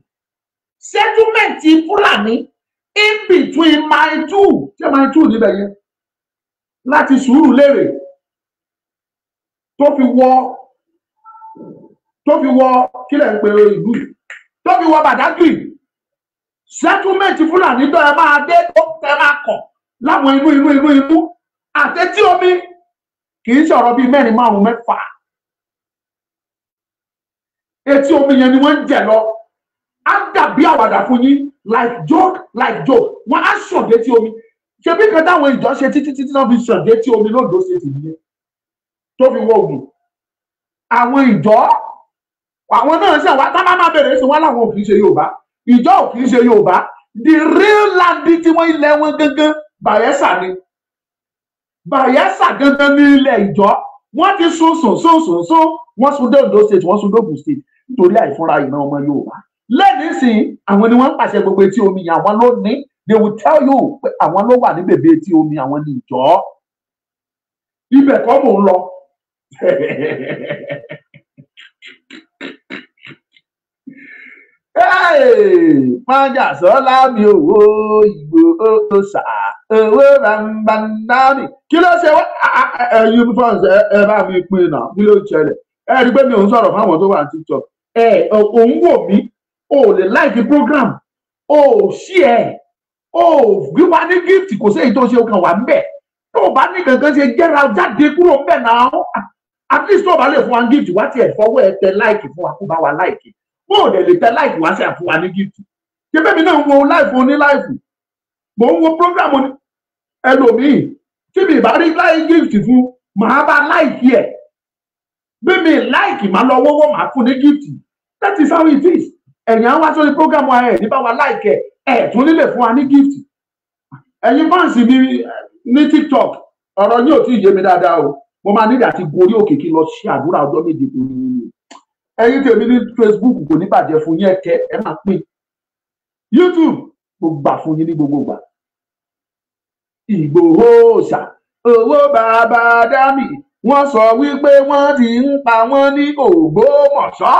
settlement fúlàní in between my two ṣé my two níbẹ̀ yẹn láti sùúrù lérè tó fi wọ tó fi wọ kílẹ̀ ń pe ìlú tó fi wọ bàdágìrì settlement fúlàní tó ẹ máa dé tó ẹ máa kọ̀ láwọn inú inú inú inú àtẹ́tí omi kì í ṣọ̀rọ̀ bíi mẹ́rin márùn-ún mẹ́fà etí omi yẹn ni wọ́n ń jẹ̀ lọ á dàbí àwàdà fún yín like joke like joke wọ́n á sàn dé tí omi ṣebí kan táwọn ìjọ ṣe títí títí náà fi sàn dé tí omi lóòdó ṣe tì nílé tó fi wọ ogun àwọn ìjọ àwọn náà ṣe wá tábà máa bẹ̀rẹ̀ sí wọn láwọn ò kì í ṣe Yorùbá ìjọ ò kì í ṣe Yorùbá the real land tí wọ́n ilẹ̀ wọn gángan Bayelsa ni Bayelsa gángan ní ilẹ̀ ìjọ wọ́n ti sún sùn sún sùn sún wọ́n sún dé Ondo state wọ́n sún dógùn state torí àìfúnra ìran ọmọ yorùbá lẹ́yìn sìn àwọn ni wọ́n ń pàṣẹ gbogbo etí omi àwọn ló ní they will tell you pé àwọn ló wà ní bèbè etí omi àwọn ní ìjọ ibẹ̀ kọ́ mò ń lọ. Mọ́jà sọ́lá mi òwò ìgbò ó sà owó ràǹbà náàmì. Kí ló ṣe wá? Ẹyin fọ́ọ̀sì ẹ bá mi pin náà. Kí ló ṣẹlẹ̀? Ẹ rí i pé mi ò ń sọ̀rọ̀ fáwọn tó wà ní TikTok ẹ òun wò mí o ò lè láìkí program o ò ṣí ẹ o ò gbígbá ní gift kò sí èyí tó ṣe ọkàn wà ń bẹ tó o bá ní kankan ṣe jẹra jáde kúrò ń bẹ náà at least tó o bá lè fún wa gift wá tiẹ̀ fọwọ́ ẹ tẹ láìkì fún wa kó bá wa láìkì bó o dẹ̀ lè tẹ láìkì wá sí àfún wa ní gift kébé mi náà ń wo láìfù oní láìfù mò ń wo program ẹlòmíì tí mi ì bá rí láì gift fún màá bá láìkì ẹ̀ bí mi láìkì máa lọ wọ́wọ́ máa fún ní gift that is how it is ẹ̀yìn àwọn aṣọ ní program wa ẹ̀ ní bá wa láìkẹ̀ ẹ̀ tún nílẹ̀ fún wa ní gift ẹ̀yin fáǹsì mi eh, ní tiktok ọ̀rọ̀ yóò tí ì yé mi dáadáa o mo máa nílẹ̀ àti gorí òkè kí n lọ ṣe àdúrà ọjọ́ méje tó ní nínú ẹ̀yin tèmi ní facebook kò ní bàjẹ́ fún yín ẹ̀kẹ́ ẹ̀ máa pín youtube mo gbà fún yín ní gbogbo gbà ìgbòho ṣà owó bàbá dá mi wọ́n sọ wípé wọ́n ti ń pa wọ́n ní Ògbómọ̀ṣọ́.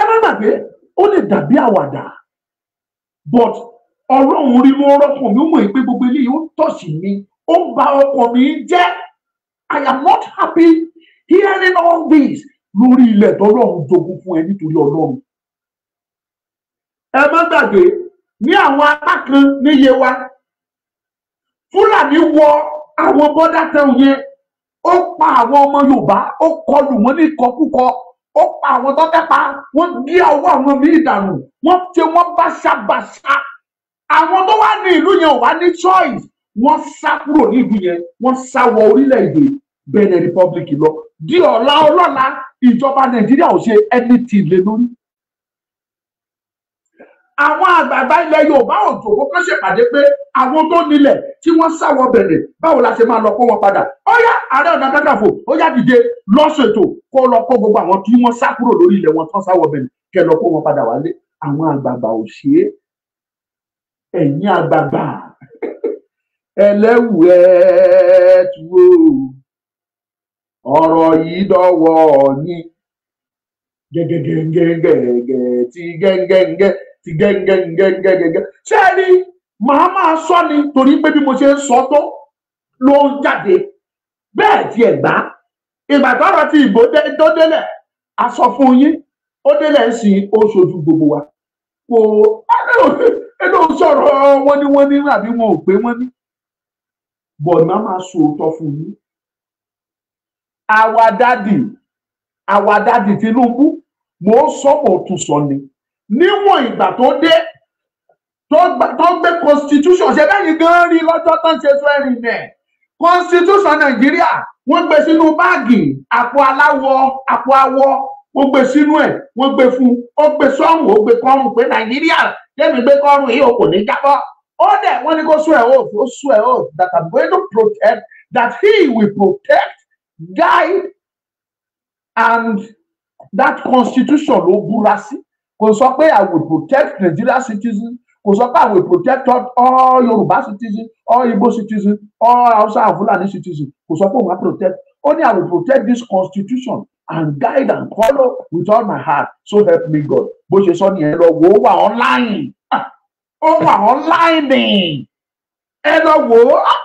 ẹ má gbàgbé ó lè dàbí àwàdà but ọlọ́run rí mo rọ́pò mi ó mọ̀ pé gbogbo eléyìí ó tọ̀sí mi ó ń ba ọkọ̀ mi jẹ́ I am not happy hearing all this lórí ilẹ̀ tọ́lọ́run jogún fún ẹ nítorí ọlọ́run ẹ má gbàgbé ní àwọn apá kan ní Yewa Fúlàní wọ àwọn bọ́dá tẹ̀wọ̀n yẹn ó pa àwọn ọmọ Yorùbá ó kọlù wọn ní ìkọkúkọ ó pa àwọn tó kẹpa wọn gé ọwọ́ àwọn míì dànù wọn ṣe wọn báṣabàṣa àwọn tó wà ní ìlú yẹn ò wá ní choice wọn sá kúrò ní ìlú yẹn wọn sá wọ orílẹ̀-èdè Benin Republic lọ di ọ̀la ọlọ́la ìjọba Nàìjíríà ò ṣe anything lé lórí àwọn àgbààgbà ilẹ̀ yorùbá ò jòkó kán ṣèpàdé pé àwọn tó nílẹ̀ tí wọ́n sáwọ bẹ̀rẹ̀ báwo la ṣe máa lọ kó wọn padà ó yá ààrẹ ọ̀nà kakanfò ó yá dìde lọ́sọ̀ ètò kó lọ kó gbogbo àwọn tí wọ́n sá kúrò lórí ilẹ̀ wọn tán sáwọ bẹ̀rẹ̀ kẹ lọ kó wọn padà wálé àwọn àgbààgbà ò ṣe é ẹ̀yin àgbààgbà ẹlẹ́wù ẹ̀ tù ó ọ̀rọ̀ yìí dọ́wọ́ yín gẹ́gẹ́gẹ́gẹ́gẹ́ tí ti gẹ́gẹ́gẹ́gẹ́gẹ́ ṣé ẹ ní màá máa sọ ni torí pé bí mo ṣe ń sọ tó ló ń jáde bẹ́ẹ̀ tiẹ̀ gbá ìgbà tọrọ ti ìbò tó délẹ̀ a sọ fún yín ó délẹ̀ ń sin oṣooṣù gbogbo wa kò ẹnu sọ̀rọ̀ wọ́n ní wọ́n ní àbí wọn ò pé wọ́n ní bọ̀dá máa sòótọ́ fún yín àwa dádì àwa dádì Tinubu mò ń sọ mò ń tún sọ ni níwọ̀n ìgbà tó dé tó gbé constitution ṣe bẹ́ẹ̀ ni gan rí lọ́jọ́ tó ń ṣe swearing ẹ̀ constitution nàìjíríà wọ́n gbé sínú báàgì àpò aláwọ̀ àpò awọ wọ́n gbé sínú ẹ̀ wọ́n gbé fún ó gbé sọ́run ó gbé kọ́run pé nàìjíríà tẹ́mi gbé kọ́run yìí o kò ní jábọ́ ó dẹ̀ wọ́n ní kó swear oath ó swear oath that I'm going to protect that he will protect guide and that constitution ló búra sí kò sọ pé i will protect Nigerian citizen. kò sọ pé i will protect all Yorùbá citizen, all Igbo citizen, all Hausa and Fulani citizens kò sọ pé òun á protect Only i will protect this constitution and guide and follow with all my heart so help me God bó ṣe sọ nìyẹn lọ wò ó wà online ah, ó wà online ẹ lọ wò ó ah,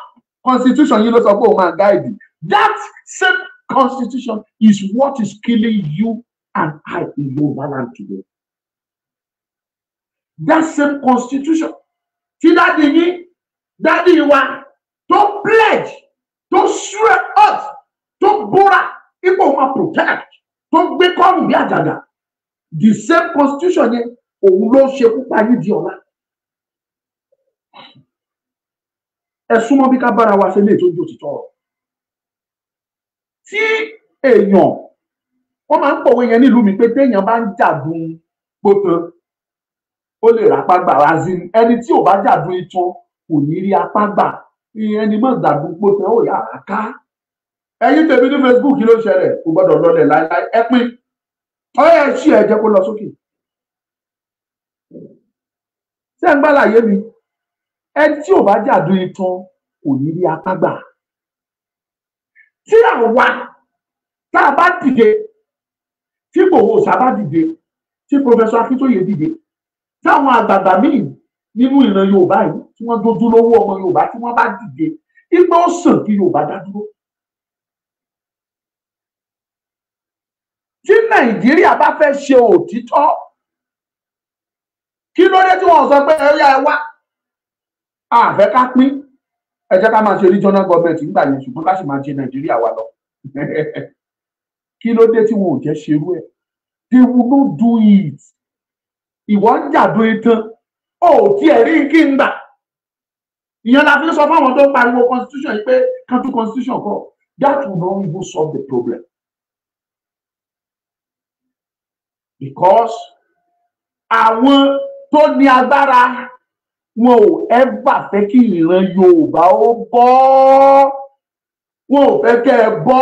constitution yìí ló sọ pé òun máa guide that same constitution is what is killing you and I in Yoruba land today that same constitution tí dáàdi yín dáàdi wa tó pledge tó swear oath tó búra ipò máa protect tó gbé kọ́ọ̀mù bí àjàgà the same constitution yẹn òun ló ṣekú pa yín di ọ̀la. ẹ súnmọ́ bí ká bára wa ṣe lè tó jò títọ́ ọ̀rọ̀ tí èèyàn wọ́n máa ń pòwe yẹn nílùú mi pé téèyàn bá ń jàdùn gbòtàn ó lè rápá gbà razin ẹni tí ò bá jàdún itan kò ní rí apá gbà ẹni mọ̀ gbàdún pósẹ̀ ó yà á ká ẹ̀yin tèmi ní Facebook kí ló ṣẹlẹ̀ kò gbọ́dọ̀ lọlẹ̀ láíláí ẹ pín ọyẹ ṣí ẹ jẹ́ kó lọ sókè ṣé ń gbàlàyé mi ẹni tí ò bá jàdún itan kò ní rí apá gbà tí àwa tá a bá dìde tí Ìgbòho Òòṣà bá dìde tí Professor Akíntóyè dìde táwọn àgbààgbà míì nínú ìran yorùbá yìí tí wọ́n dojú lówó ọmọ yorùbá tí wọ́n bá dìde igbó sàn kí yorùbá dá dúró. tí nàìjíríà bá fẹ́ ṣe òtítọ́ kí ló dé tí wọ́n sọ pé ẹ̀yà ẹ wá àfẹ́ ká pín ẹ jẹ́ ká máa ṣe regional government nígbà yẹn ṣùgbọ́n ká sì máa ṣe nàìjíríà wa lọ kí ló dé tí wọn ò jẹ́ ṣerú ẹ̀ they will not do it ìwọ ń jàdó itan ó tí ẹ rí kí n gbà ìyẹn la fi sọ fáwọn tó ń pariwo constitution yìí pé kan constitution kọ that will not even solve the problem because àwọn tó ní agbára wọn ò ẹgbà fẹ́ kí ìran Yorùbá ó bọ́ wọn ò fẹ́ kẹ́ ẹ bọ́.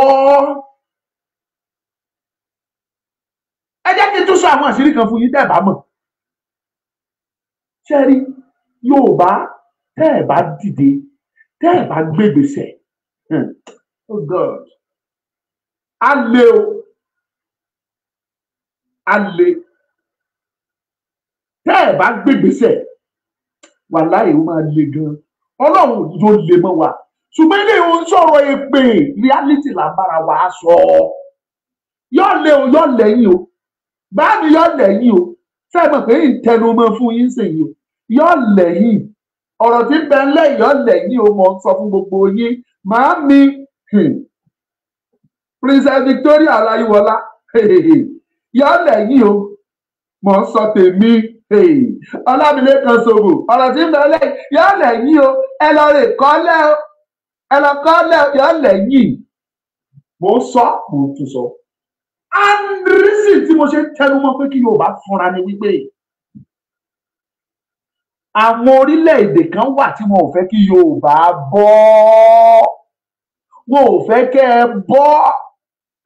ẹ jẹ́ kí n tún sọ àwọn àṣírí kan fún yín dẹ̀ bá mọ̀ sẹ́rí yorùbá tẹ́ ẹ̀ bá dìde tẹ́ ẹ̀ bá gbégbèsè hmm, oh god a lè o a lè tẹ́ ẹ̀ bá gbégbèsè wàláì ó máa le gan ọlọ́run yóò lè mọ́ wa ṣùgbọ́n ilé ìwọ̀n sọ̀rọ̀ èpè reality là ń bára wa sọ yóò lé o yóò lẹ́yìn o báàmì yóò lẹ́yìn o sẹ́gbọ̀n pé ìtẹnumọ́ fún yín sèyí o yóò lẹ́yìn ọ̀rọ̀ tí bẹ ńlẹ̀ yóò lẹ́yìn o mọ̀ sọ fún gbogbo yín màámi hmm. princess victoria aláyíwọlá yóò lẹ́yìn o mọ̀ sọ tèmi ọlámilékan ṣòwò ọ̀rọ̀ tí bẹ ńlẹ̀ yóò lẹ́yìn o ẹ lọ rè kọ́lẹ́ o ẹ lọ kọ́lẹ́ o yóò lẹ́yìn mo sọ mo tún sọ and reason tí mo ṣe tẹnu mọ́ pé kí yorùbá fúnra ni wípé àwọn orílẹ̀-èdè kan wà tí wọn ò fẹ́ kí Yorùbá bọ́ wọn ò fẹ́ kẹ́ ẹ bọ́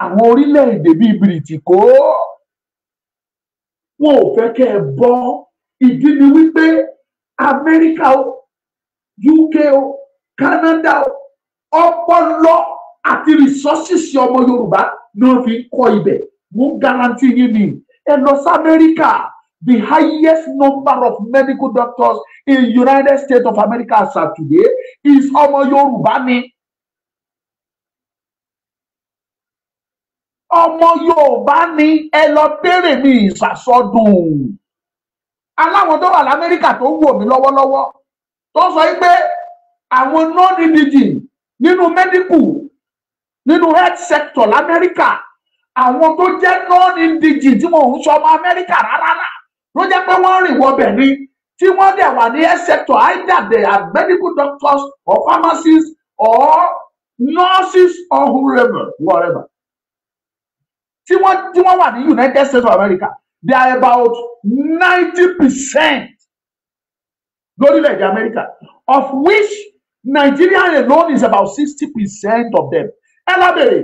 àwọn orílẹ̀-èdè bíi bìrìtìkó wọn ò fẹ́ kẹ́ ẹ bọ́ ìdí ni wípé Amẹ́ríkà o UK o Canada o ọpọlọ àti rìsọ́sìsì ọmọ Yorùbá náà fi kọ́ ibẹ̀ mo ń garanti yín ni ẹ lọ sí Amẹ́ríkà the highest number of medical doctors in United States of America as of today is ọmọ Yorùbá ni. ọmọ Yorùbá ni ẹ lọ béèrè mi ìsàsọdùn aláwọn tó wà l'Amẹ́ríkà tó wò mí lọ́wọ́lọ́wọ́ tó sọ pé àwọn non-indigene nínú medical nínú health sector l'Amẹ́ríkà àwọn tó jẹ́ non-indigene tí wọn ò ń sọ ọmọ Amẹ́ríkà rárá ló jẹ́ pé wọ́n rìn wọbẹ̀ ni tí wọ́n dẹ̀ wà ní health sector either they are medical doctors or pharmacists or nurses or whoever whatever tí wọ́n tí wọ́n wà ní United States of America they are about ninety percent lórílẹ̀-èdè America of which Nigeria alone is about sixty percent of them ẹ lábẹ̀rẹ̀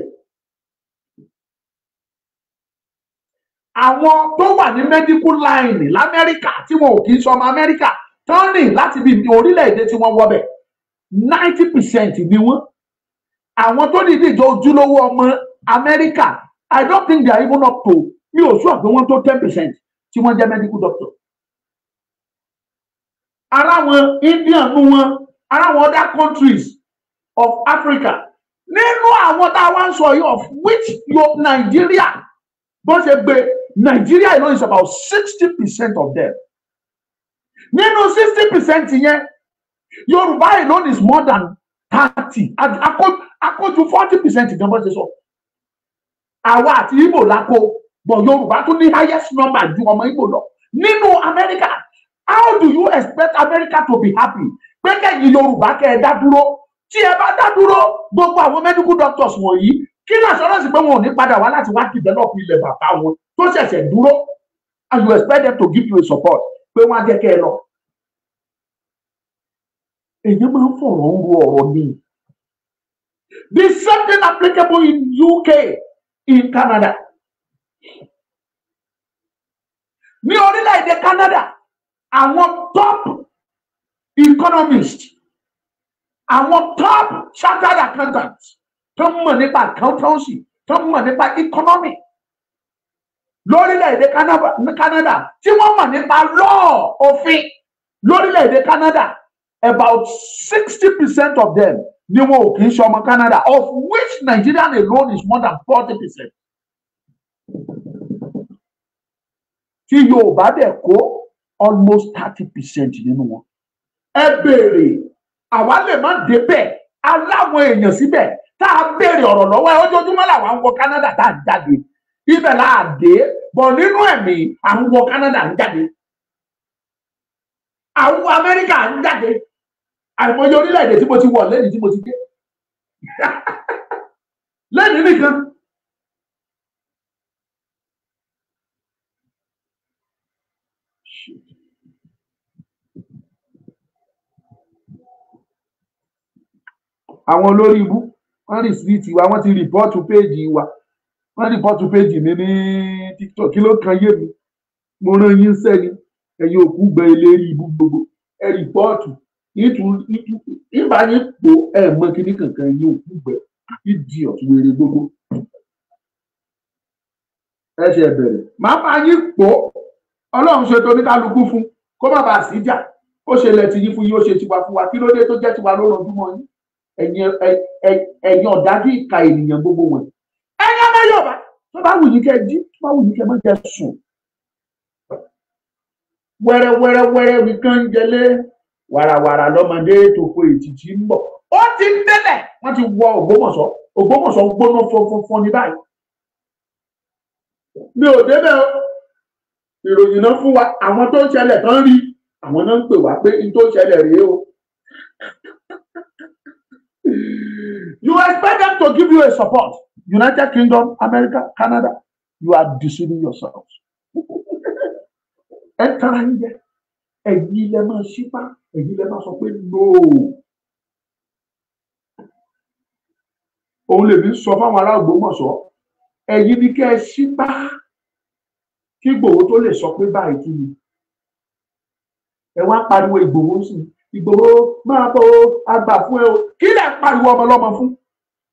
àwọn tó wà ní medical line lamẹ́ríkà tí wọn ò kì í sọmọ amẹ́ríkà tán rìn láti ibi orílẹ̀-èdè tí wọ́n wọbẹ̀ ninety percent ni wọ́n àwọn tó ní ìdíje ojúlówó ọmọ amẹ́ríkà i don't think they are even up to mi ò sọ pé wọ́n tó ten percent tí wọ́n jẹ́ medical doctor ara wọn india nu wọn ara wọn other countries of africa nínú àwọn tá a wá ń sọ yìí of which yo nigeria bó ṣe gbé Nigeria alone is about sixty percent of them nínú sixty percent yẹn Yorùbá alone is more than thirty akójú forty percent gan bó ṣe sọ àwa àti Igbo but Yoruba to the highest number You are my lọ nínú America how do you expect America to be happy pé Yoruba, Yorùbá kẹ́ duro. dá dúró tí duro. bá dá dúró gbogbo àwọn medical doctors wọ̀nyí kí ni assurance pé wọn ò ní padà wá láti wá develop ilẹ̀ bàbá wọn tó ṣẹ̀ṣẹ̀ dúró and you expect them to give you a support pé wọ́n á jẹ́ kẹ́ ẹ lọ. èyí máa ń fọ̀rọ̀ ń ro ọ̀rọ̀ ni. the same thing applicable in UK in Canada. ní orílẹ̀-èdè Canada àwọn top economist àwọn top chartered accountants tó ń mọ̀ nípa accountancy tó ń mọ̀ nípa economy lórílẹ̀‐èdè Canada tí wọ́n mọ̀ nípa lọ́ọ̀ òfin lórílẹ̀‐èdè Canada about sixty percent of them ni wọn ò kì í ṣe Canada of which Nigerian alone is more than forty percent. tí Yorùbá dẹ̀ kó almost thirty percent nínú wọn. ẹ béèrè àwa lè má débẹ̀ aláwọn èèyàn síbẹ̀ tá a béèrè ọ̀rọ̀ lọ́wọ́ ẹ ojoojúmọ́ làwa ń wọ Canada tá a jáde ibẹ̀ láàdé bọ̀ nínú ẹ̀mí à ń wọ Canada ń jáde à ń wọ Amẹ́ríkà ń jáde àìmọye orílẹ̀-èdè tí mo ti wọ̀ lẹ́yìn tí mo ti dé lẹ́yìn nìkan. àwọn olórí ibú wọn rìsíìtì wa wọn ti rìpọ́ọ̀tù péèjì wa wọ́n rìpọ́tù péjì mi ní tiktok kí ló kan yé mi mo rán yín sẹ́ni ẹ̀yin òkú gbẹ ilé rí ibú gbogbo ẹ rìpọ́tù ìbáyín po ẹ̀ mọ́ kíní kankan ẹ̀yin òkú gbẹ ìdí ọ̀túnwèrè gbogbo ẹ ṣe bẹ̀rẹ̀ máa bá yín po ọlọ́run ṣe tó ní kálukú fún kó má bàa sí jà ó ṣe lẹ ti yín fún yín ó ṣe tiwa fún wa kí ló dé tó jẹ́ tiwa ló rọ̀jú mọ́ yín ẹ̀yin ọ̀dájú ìka ènìyàn gbogbo wọ̀nyí bá yọ̀ bá tó bá wù yín kẹ́ jí tó bá wù yín kẹ́ má jẹ sùn wẹ́rẹ́wẹ́rẹ́wẹ́rẹ́ bí kán ń jẹlé wàràwàrà lọ́mọdé tó fo ètìtì ń bọ̀ ó ti ń délẹ̀ wọ́n ti wọ Ògbómọ̀ṣọ́ Ògbómọ̀ṣọ́ gbóná fọnfọnfọn ní báyìí mi ò débẹ̀ o ìròyìn náà fún wa àwọn tó ń ṣẹlẹ̀ tán rí àwọn náà ń pè wá pé n tó ṣẹlẹ̀ rèé o you expect them to give you a support United Kingdom, America, Canada, you are deceiving yourselves. Ẹ tara ń jẹ, ẹ̀yin lẹ máa ṣípá, ẹ̀yin lẹ máa sọ pé no. Òun lè fi sọ fáwọn ará Ògbómọ̀ṣọ́, ẹ̀yin ni kẹ́ ẹ ṣípá kí Ìgbòho tó lè sọ pé báyìí kí ni. Ẹ wá pariwo Ìgbòho sí i, Ìgbòho máa bọ̀ o, kí lè pariwo ọmọ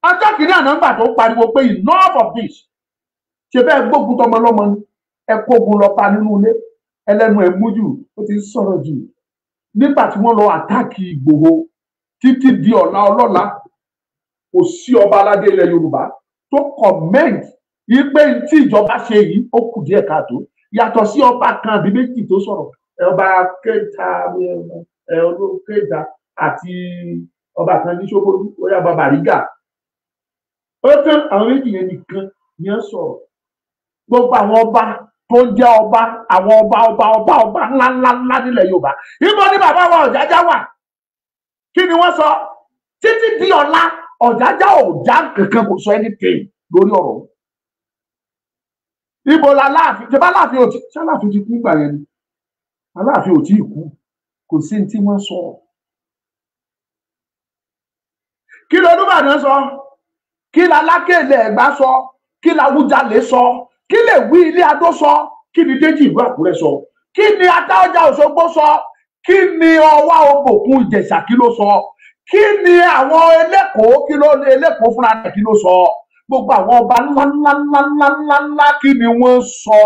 ọjọ́ kìíní ànágbà tó pariwo pé enough of this ṣe bẹ́ẹ̀ gbógun tọmọlọ́mọ ni ẹ kógun lọ pa nínú ilé ẹlẹ́nu ẹ̀ mú jù ó ti sọ̀rọ̀ jù nígbà tí wọ́n lọ àtáàkì Ìgbòho títí di ọ̀la ọlọ́la kò sí ọba aládé ilẹ̀ Yorùbá tó comment yìí pé tí ìjọba ṣe yìí ó kù díẹ̀ káàtó yàtọ̀ sí ọba kan àbí méjì tó sọ̀rọ̀ ọba kẹta olókèjà àti ọba kan ní Ṣókólú ó yá bàbá rígà ọdún àwọn méjì yẹn nìkan ni wọ́n sọ̀rọ̀ gbogbo àwọn ọba tó ń jẹ́ ọba àwọn ọba ọba ọba ọba ńláńláńlá nílẹ̀ Yorùbá ibo ni bàbá wa Ọ̀jájá wà kí ni wọ́n sọ títí di ọ̀la Ọ̀jájá ò já kankan kò sọ anything lórí ọ̀rọ̀ ibo la láàfin tẹ bá láàfin ò tí ṣé láàfin ti kú gbà yẹn ni aláàfin ò tí ì kú kò sí ní tí wọ́n sọ kí ló náà sọ kí la lákèlè ẹ̀gbá sọ kí la wújalè sọ kí lè wí ilé adó sọ kí ni déjì ìlú àkúrẹ́ sọ kí ni atáọjà òṣogbo sọ kí ni ọwá òbòkun ìjẹ̀ṣà kí ló sọ kí ni àwọn ẹlẹ́kọ̀ọ́ kí ló ẹlẹ́kọ̀ọ́ fúnra rẹ̀ kí ló sọ gbogbo àwọn ọba ńlá ńlá ńlá ńlá ńlá ńlá kí ni wọ́n sọ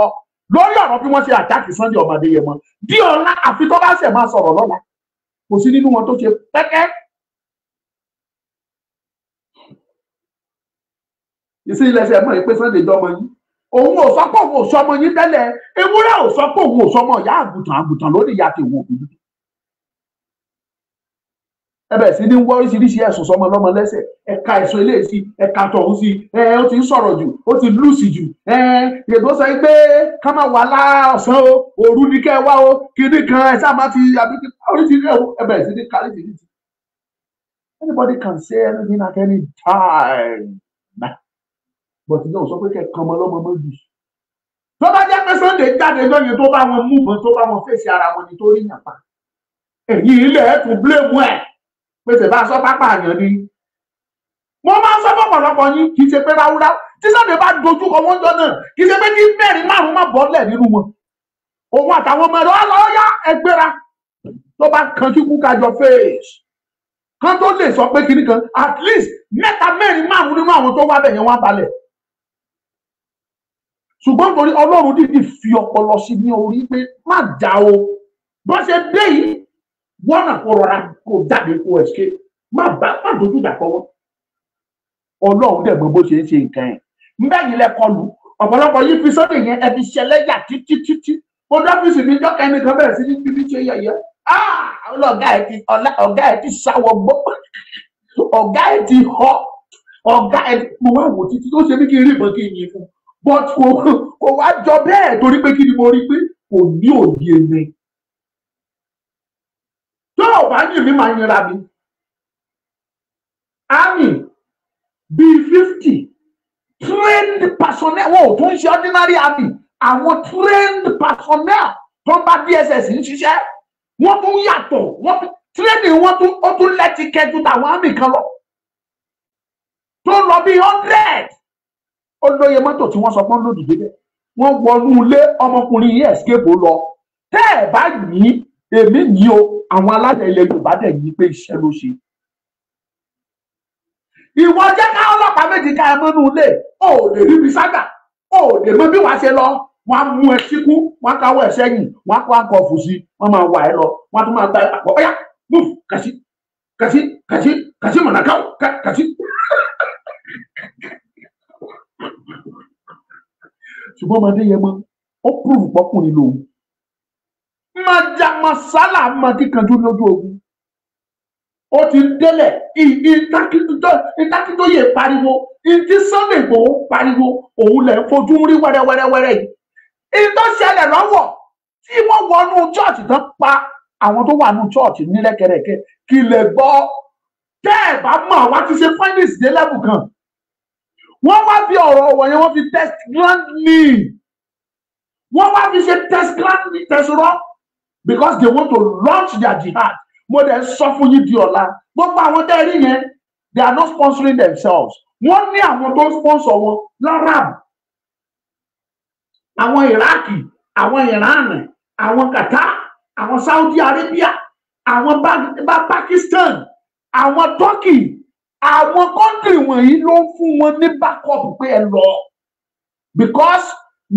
lórí ọ̀rọ̀ bí wọ́n ṣe àjákì Sunday ọmọdé yẹn mọ́ bí ọ̀la àfi tó bá ṣẹ̀ máa sọ̀rọ̀ lọ́la kò sí nínú wọn tó ṣe pẹ́kẹ́ ìsìnlẹsẹ mọ ìpè Sunday dọmọ yín òun ò sọ pé òun ò sọmọ yín tẹ́lẹ̀ ewúrẹ́ ò sọ pé òun ò sọmọ ìyá àgùntàn àgùntàn lórí ìyá tèwọn òbí ẹbẹ̀ sí ní wọ́n oríṣiríṣi ẹ̀sùn sọmọ lọ́mọ lẹ́sẹ̀ ẹ̀ka ẹ̀sùn eléyìí ẹ̀ka tọ̀hún sí ẹ̀ ó ti ń sọ̀rọ̀ jù ó ti lùsì jù ẹ̀ ètò sọ pé ká má wà láàsán o òru ni kẹ́ ẹ wá o kìíní kan ẹ̀ sáà má ti àbíkí oríṣiríṣi ẹbẹ̀ sí ní anybody can say anything at any time bọ̀tí náà sọ pé kẹ̀kọ́ ọmọ ọlọ́mọ mọ́ jù. tó bá jẹ́ pé Sunday jáde lọ́yìn tó bá wọn mú bọ́n tó bá wọn fèsì ara wọn ni tó rí yàn pa èyí ilẹ̀ ẹ̀ tún bílẹ̀mù ẹ̀ pèsè bá sọ pápá àyàn ni. mo máa ń sọ fọ́pọ̀lọpọ̀ yín kì í ṣe pé ráúráú tí Sunday bá dojú kọ wọ́n jọ náà kì í ṣe pé kí mẹ́rin márùn-ún má bọ́lẹ̀ nínú wọn. òun àtàwọn ọmọ ẹ̀rọ ọlọ́yà ẹgbẹ́ra tó bá kan kíkú kájọ fèèsì kan tó lè sọ pé kinní kan at least mẹ́ta mẹ́rin márùn-ún nínú àwọn tó wá bẹ̀yẹn wá balẹ̀ ṣùgbọ́n torí ọlọ́run dídì fi ọpọlọ sí ní orí pé má dá o bó ṣe dé yìí wọ́n náà kó rọra kó jáde kó escape má bá má dojú ìjà kọ́wọ́ ọlọ́run dẹ̀ gbogbo ṣe é ṣe nǹkan ẹ̀ níbẹ̀ yìí lẹ kọlù ọ̀pọ̀lọpọ̀ yìí fi sọ́dọ̀ yẹn ẹbí ṣẹlẹ́yà títí títí ọdọ́fíìsì mi jọ́ ẹnìkan bẹ̀rẹ̀ sí ní bíbí ṣe yẹ̀yẹ́ ah! ọ̀gá ẹ̀ ti sáwọ́ gbọ́ ọ̀gá ẹ̀ ti họ ọ̀gá ẹ̀ mo wá wò títí ó ṣe mí kí n rí ìbọn kí n yìn fún but kò kò wá jọ bẹ́ẹ̀ torí pé kí ni mo rí pé kò ní òye mi tó o bá yìn mí máa yinra mi army B fifty trained personnel wọn ò tún ṣe ordinary army àwọn trained personnel tó ń bá DSS ń ṣiṣẹ́ wọ́n tún yàtọ̀ wọ́n tún training wọ́n tún ó tún lẹ́tí kẹjú tàwọn army kan lọ tó lọ bíi hundred ó lóye mọ́tò tí wọ́n sọ pé ó lòdì débẹ̀ wọ́n wọnú ilé ọmọkùnrin yìí escape lọ tẹ́ ẹ̀ bá yìí èmi yìí o àwọn aláṣẹ ilẹ̀ Yorùbá dẹ̀ yìí pé iṣẹ́ ló ṣe ìwọ jẹ́ ká ọlọ́pàá méjì ká ẹ mọ́nú ilé o ò lè rí mi ságà o ò lè mọ bí wàá ṣe lọ wọn á mú ẹ síkú wọn á káwọ́ ẹ sẹ́yìn wọn á kó àkọọfù sí wọn máa wà ẹ lọ wọn á tún máa gba àpò ọyá move kàṣí kàṣí kàṣí kàṣí mọ̀nàká kàṣí ṣùgbọ́n ọmọdé yẹn mọ́ ó púrùfù pọ́kùnrin lòun máa ja masala máa kíkanjú lójú ogun ó ti délẹ̀ ìtakítóyè pariwo ìtí Sunday Igboho pariwo òun lẹ̀ ń fojú rí wẹ́rẹ́wẹ́rẹ́wẹ́rẹ́ yìí ìtọ́ ṣẹlẹ̀ lọ́wọ́ tí wọ́n wọnú chọ́ọ̀chì tán pa àwọn tó wà nú chọ́ọ̀chì ní rẹ́kẹrẹ́kẹ kí lè gbọ́ tẹ́ ẹ̀ bá mọ̀ wá ti ṣe findings dé lẹ́bù kan wọ́n wá fi ọ̀rọ̀ wọ̀nyẹn wọ́n fi test grand me wọ́n wá fi ṣe test grand me test rọ because they want to launch their jihad mo dẹ̀ sọ fún yín di ọ̀la gbogbo àwọn tẹ́ ẹ rí yẹn they are not sponsoring themselves wọ́n ní àwọn tó ń sponsor wọn lọ́ràm àwọn iraki àwọn iran àwọn qatar àwọn saudi arabia àwọn bá pakistan àwọn turkey àwọn kọ́ńtì wọ̀nyí ló ń fún wọn ní backup pé ẹ lọ because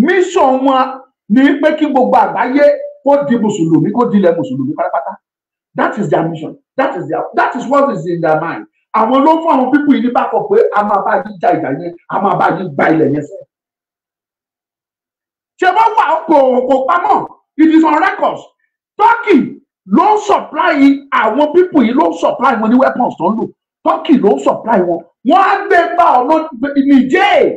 mission wọn ni pé kí gbogbo àgbáyé kó di mùsùlùmí kó dilẹ̀ mùsùlùmí pátápátá that is their mission that is their that is what is in their mind àwọn ló fún àwọn pípù yìí ní backup pé a máa bá yín ja ìjà yẹn a máa bá yín gba ilẹ̀ yẹn sẹ́yìn ṣe wọ́n wà kò kò pamọ́ it is on records turkey ló ń supply àwọn pípù yìí ló ń supply wọn ní weapons tó ń lò turkey ló ń supply wọn wọ́n á gbé bá ọ̀nà nìjẹ́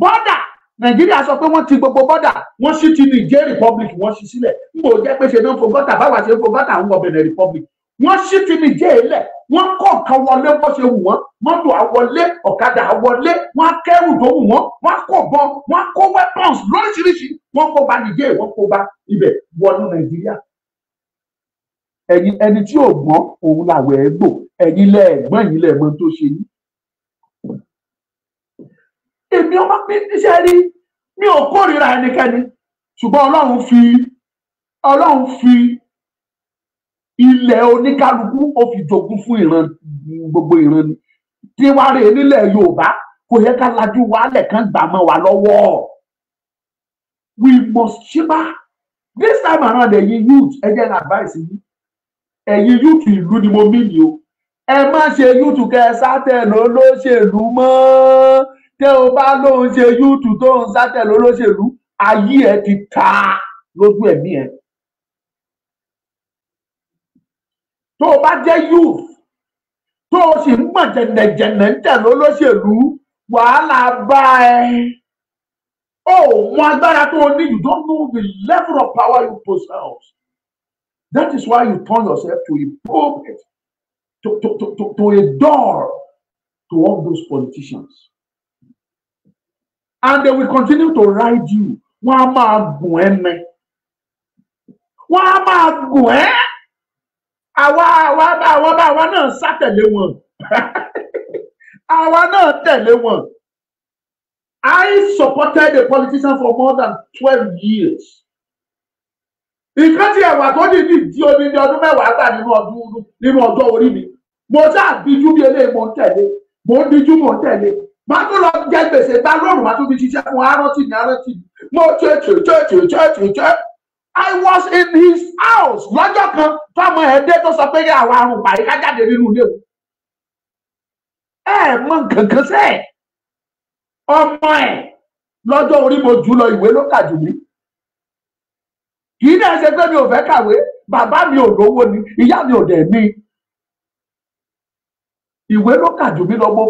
bọ́dà nàìjíríà sọ pé wọ́n ti gbogbo bọ́dà wọ́n sì ti nìjẹ́ republic wọ́n sì sílẹ̀ n kò jẹ́ pé ṣe ló ń fo gọ́tà báwa ṣe ń fo gọ́tà àwọn ọ̀bẹ̀nẹ̀ republic wọ́n sì ti nìjẹ́ ilẹ̀ wọ́n kọ́ nǹkan wọlé bó ṣe wù wọ́n mọ́tò àwọlé ọ̀kadà àwọlé wọ́n á kẹ́rù tó wù wọ́n wọ́n á kó bọn wọ́n á kó weapons lóríṣiríṣi wọ́n kó ba nìjẹ́ wọ́n kó ba ibẹ̀ wọnú nàìjíríà ẹni tí ò gbọ́n òun làwẹ̀ ẹ́ gbò ẹ̀yin lẹ ẹ̀gbọ́n ẹ̀yin lẹ ẹ̀gbọ́n tó ṣe yín. èmi ọmọ mi níṣẹ́ rí mi ò kórìíra ẹnikẹ́ni ṣùgbọ́n ọlọ́run fi ọlọ́run fi ilẹ̀ oníkálukú ó fi jogún fún ìran gbogbo ìran ni tiwari nílẹ̀ yorùbá kò yẹ ká lajú wálẹ̀ kan gbà mọ́ wa lọ́wọ́ we must shiba this time around ẹ̀yin youth ẹ jẹ́ advice yín ẹ̀yin youth ìlú ni mo mí ni o ẹ má ṣe yúùtù kẹ sátẹ̀lú olóṣèlú mọ́ tẹ́ o bá lóun ṣe yúùtù tó ń sátẹ̀lú olóṣèlú ayé ẹ ti ta lójú ẹ̀mí ẹ. tó o bá jẹ́ youth tó o sì ń gbọ̀n jẹ̀nẹ̀jẹ̀nẹ̀ ń tẹ̀lé olóṣèlú wàhálà bá ẹ. o mọ agbára tó o ní you don't know the level of power you possess that is why you turn yourself to a puppet to, to, to, to a door to all those politicians. And they will continue to ride you. Wọ́n á máa gùn ẹ́ mẹ́. Wọ́n á máa gùn ẹ́. Àwa àwa àwa bá àwa náà sátẹ̀lé wọn. Àwa I supported a politician for more than twelve years nǹkan tí ẹ̀wà tó dìdì di odidi ọdún mẹ́wàá gbà nínú ọdún nínú ọjọ́ orí mi mo sá díjú bí eléyìí mo ń tẹ̀lé mo ń díjú mo ń tẹ̀lé máa tún lọ jẹ gbèsè gbá lóòrùn máa tún fi ṣiṣẹ́ fún arántí ní arántí mo ṣe ṣe ṣe ṣe ṣe ṣe ṣe I was in his house lọ́jọ́ kan fáwọn ẹ̀ẹ́dẹ́ tó sọ pé àwọn àrùn pàrí ká jáde nínú ilé o ẹ̀ mọ nǹkan kan sẹ́ẹ̀ ọmọ ẹ̀ lọ́jọ́ orí mo jù lọ ìwé ló kà jù mí kì í náà ṣe pé mi ò fẹ́ kàwé bàbá mi ò lówó ni ìyá mi ò dẹ̀ ní ìwé ló kà jù mí lọ mo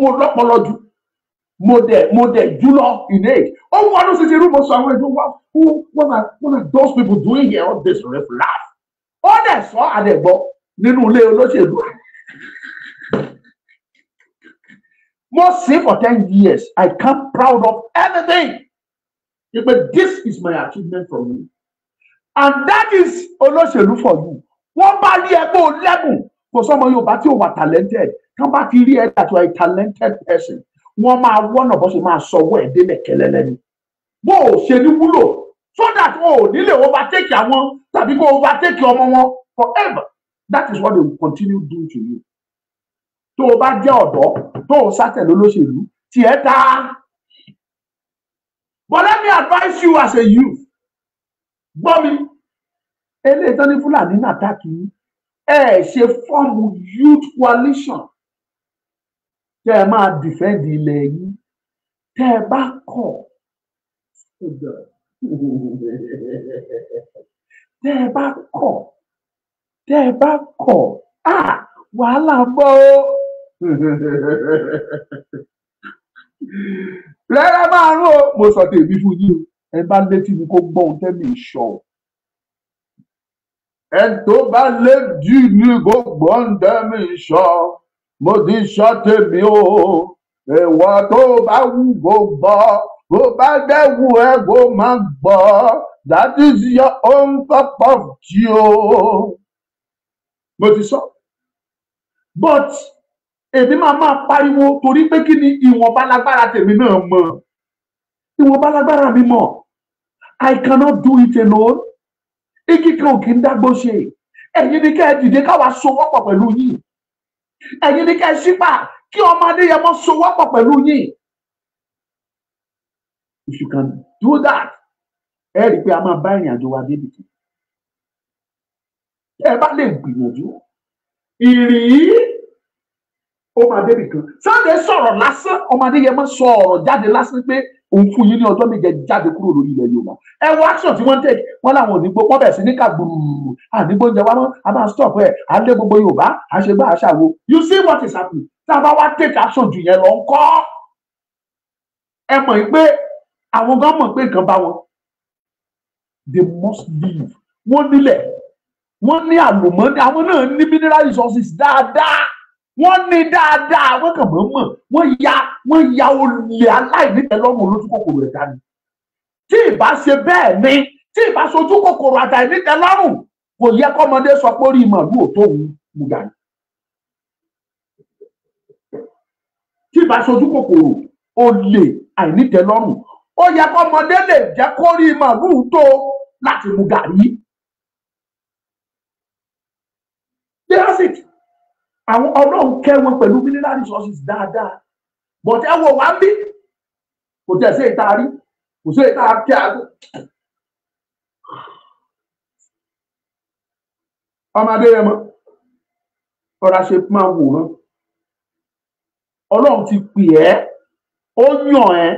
mo lọ́pọlọ jù mo dẹ̀ mo dẹ̀ jù lọ ìdè ó wọ ọdún sí ti rú mo sọ àwọn ẹgbẹ́ wa who what are what are those people doing here all this ref laugh ó dẹ̀ sọ àdẹ̀gbọ́ nínú ilé olóṣèlú mo sìn for ten years I come proud of anything but this is my achievement from you and that is olóṣèlú for you wọ́n bá rí ẹ pé o lẹ́bùn kò sọ́mọ Yorùbá tí o wà talented wọ́n bá ti rí ẹ that you a talented person wọ́n máa wọ́nà bó ṣe máa sọwọ́ ẹ̀ délẹ̀ kẹlẹ́lẹ́ ni bó o ṣe ní wúlò so that o ò nílè overtake àwọn tàbí kó overtake ọmọ wọn forever that is what they will continue doing to you tó o bá jẹ́ ọ̀dọ́ tó o sátẹ̀lé olóṣèlú tiẹ̀ ta but let me advise you as a youth gbọ́ mi eléyìí tó ní fúlàní náà tàkì ẹ ṣe fọ́ọ̀mù youth coalition tẹ ẹ máa dìfẹ́ǹdì ilẹ̀ yìí tẹ ẹ bá kọ̀ tẹ ẹ bá kọ̀ tẹ ẹ bá kọ̀ à wàhálà ń bọ̀ o rẹ́rẹ́ máa rún o mo sọ tèmi fún yín ẹ bá létí mi kó gbọ́ ohun tẹ́mi ẹni tó bá lè jù ní gbogbo ọ̀ǹdẹ́ mi sọ mo ti sọ tèmi o ìwọ tó bá wù kó gbọ́ bó bá dẹ́wù ẹ kó má gbọ́ that is your own cup of tea o mo ti sọ but èmi máa máa pariwo torí pé kí ni ìwọ̀nba lágbára tèmi náà mọ̀ ìwọ̀nba lágbára mi mọ̀ I cannot do it alone igi kì í dágbó ṣe ẹ̀yin ni ká ẹ dìde káwa sowọ́pọ̀ pẹ̀lú yín ẹ̀yin ni ká ẹ ṣípà kí ọmọ adéyẹmọ sowọ́pọ̀ pẹ̀lú yín if you can do that ẹ rí i pé a máa bá ìrìn àjò wa débi kan ẹ bá lè gbìyànjú ìrìn yìí ó máa débi kan Sunday sọ̀rọ̀ lásán ọmọ adéyẹmọ sọ ọ̀rọ̀ jáde lásán pé òun fún yín ní ọjọ́ méje jáde kúrò lórí ilẹ̀ yorùbá ẹ wo action tí wọ́n ń tẹ̀lé wọ́n láwọn ònígbó wọ́n bẹ̀ sí ní kàgbùrù ànígbó ń jẹ wá mọ́ a máa stop ẹ̀ à ń lé gbogbo yorùbá à ń ṣe gbá àṣà wo you see what is happening tá a bá wá take action jù yẹn lọ ń kọ́ ẹ mọ̀ pé àwọn gan mọ̀ pé nǹkan bá wọn they must leave wọ́n nílẹ̀ wọ́n ní àlùmọ́ọ́nì àwọn náà ní mineral resources dáadáa wọ́n ní dáadáa wọ́n kàn mọ́ mọ́ wọ́n ya wọ́n ya olè aláìnítẹ́lọ́rùn olójú kòkòrò ẹ̀ dání tí ìbá ṣe bẹ́ẹ̀ ni tí ìbá ṣojú kòkòrò àtàìnítẹ́lọ́rùn kò yẹ kọ́mọdé sọ pé orí màálù òtó òun mú dání tí ìbá ṣojú kòkòrò olè àìnítẹ́lọ́rùn ó yẹ kọ́mọdé lè jẹ́ kórí màálù tó láti mú gàrí àwọn ọlọ́run kẹ́ wọn pẹ̀lú mineral resources dáadáa but ẹ wọ wá ń bí kò tẹ̀ sí ìta rí kò sí ìta kí aago. ọmọ adéyẹmọ ọ̀rọ̀ àṣẹ máa wòran ọlọ́run ti pè ẹ́ ó yàn ẹ́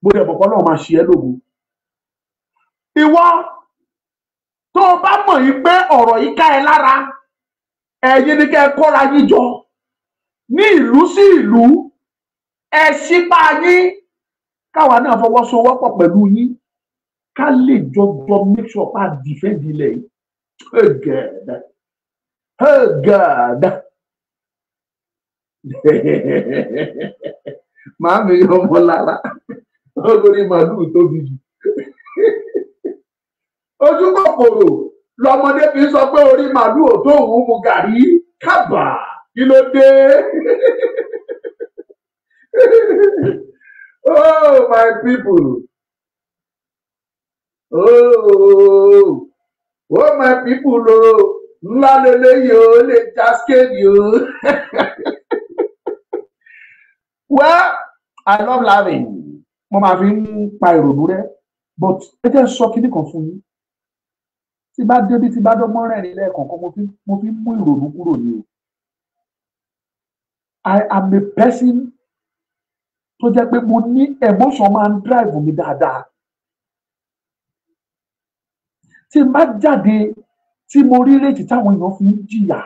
gbọdọ̀ bọ̀kọ́ náà máa ṣe ẹ́ lógo. ìwọ tó o bá mọ̀ yìí pé ọ̀rọ̀ yìí ká ẹ lára ẹ̀yin ni kẹ́ ẹ kóra yín jọ ní ìlú sí ìlú ẹ sípa yín káwa náà fọwọ́sowọ́pọ̀ pẹ̀lú yín ká lè jọjọ make sure pa defend ilẹ̀ yìí hey God hey God màá mi yọ ọmọ lára olórí màlúù tóbi jù ojú kòkòrò lọmọdé fi sọ pé orí màálù òtó òun mu gàrí kábà kí ló dé oh my people oh oh my people o oh. ńlá lélẹyìí o lè já skéèdì o well i love laughing mo máa fi ń pa ìrònú rẹ but ẹ jẹ́ sọ kíní kan fún yín tí bá débi tí bá dọ́gbọ́n rẹ̀rin lẹ́ẹ̀kọ̀ọ̀kan mo fi mo fi mú ìrònú kúrò ní o I am a person tó jẹ́ pé mo ní emotion máa ń drive mi dáadáa tí n bá jáde tí mo rí rèjì táwọn èèyàn fi ń jìyà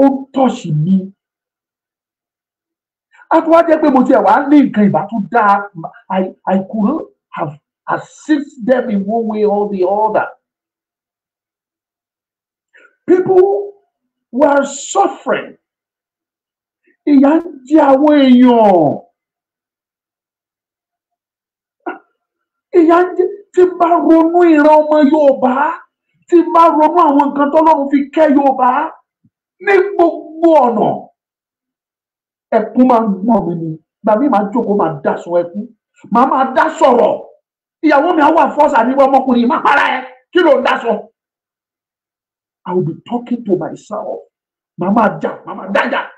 ó ń tọ̀sì mi a tún wá jẹ́ pé mo tiẹ̀ wá ní nǹkan ìbá tó dáa I I could have assist them in one way or the other people were suffering. Ìyà ń jẹ àwọn èèyàn. Ìyà ń jẹ tí bá ronú ìran ọmọ Yorùbá tí bá ronú àwọn nǹkan tọ́lọ́run fi kẹ́ Yorùbá ní gbogbo ọ̀nà. Ẹ̀kún máa ń gbọ̀n mi ni. Gbàmí máa jókòó máa dá sọ ẹkún. máa dá Ìyàwó mi á wà fọ́sà ní ọmọkùnrin máa para ẹ kí ló ń dá sọ. I will be talking to myself. Màmá jà, màmá dájà.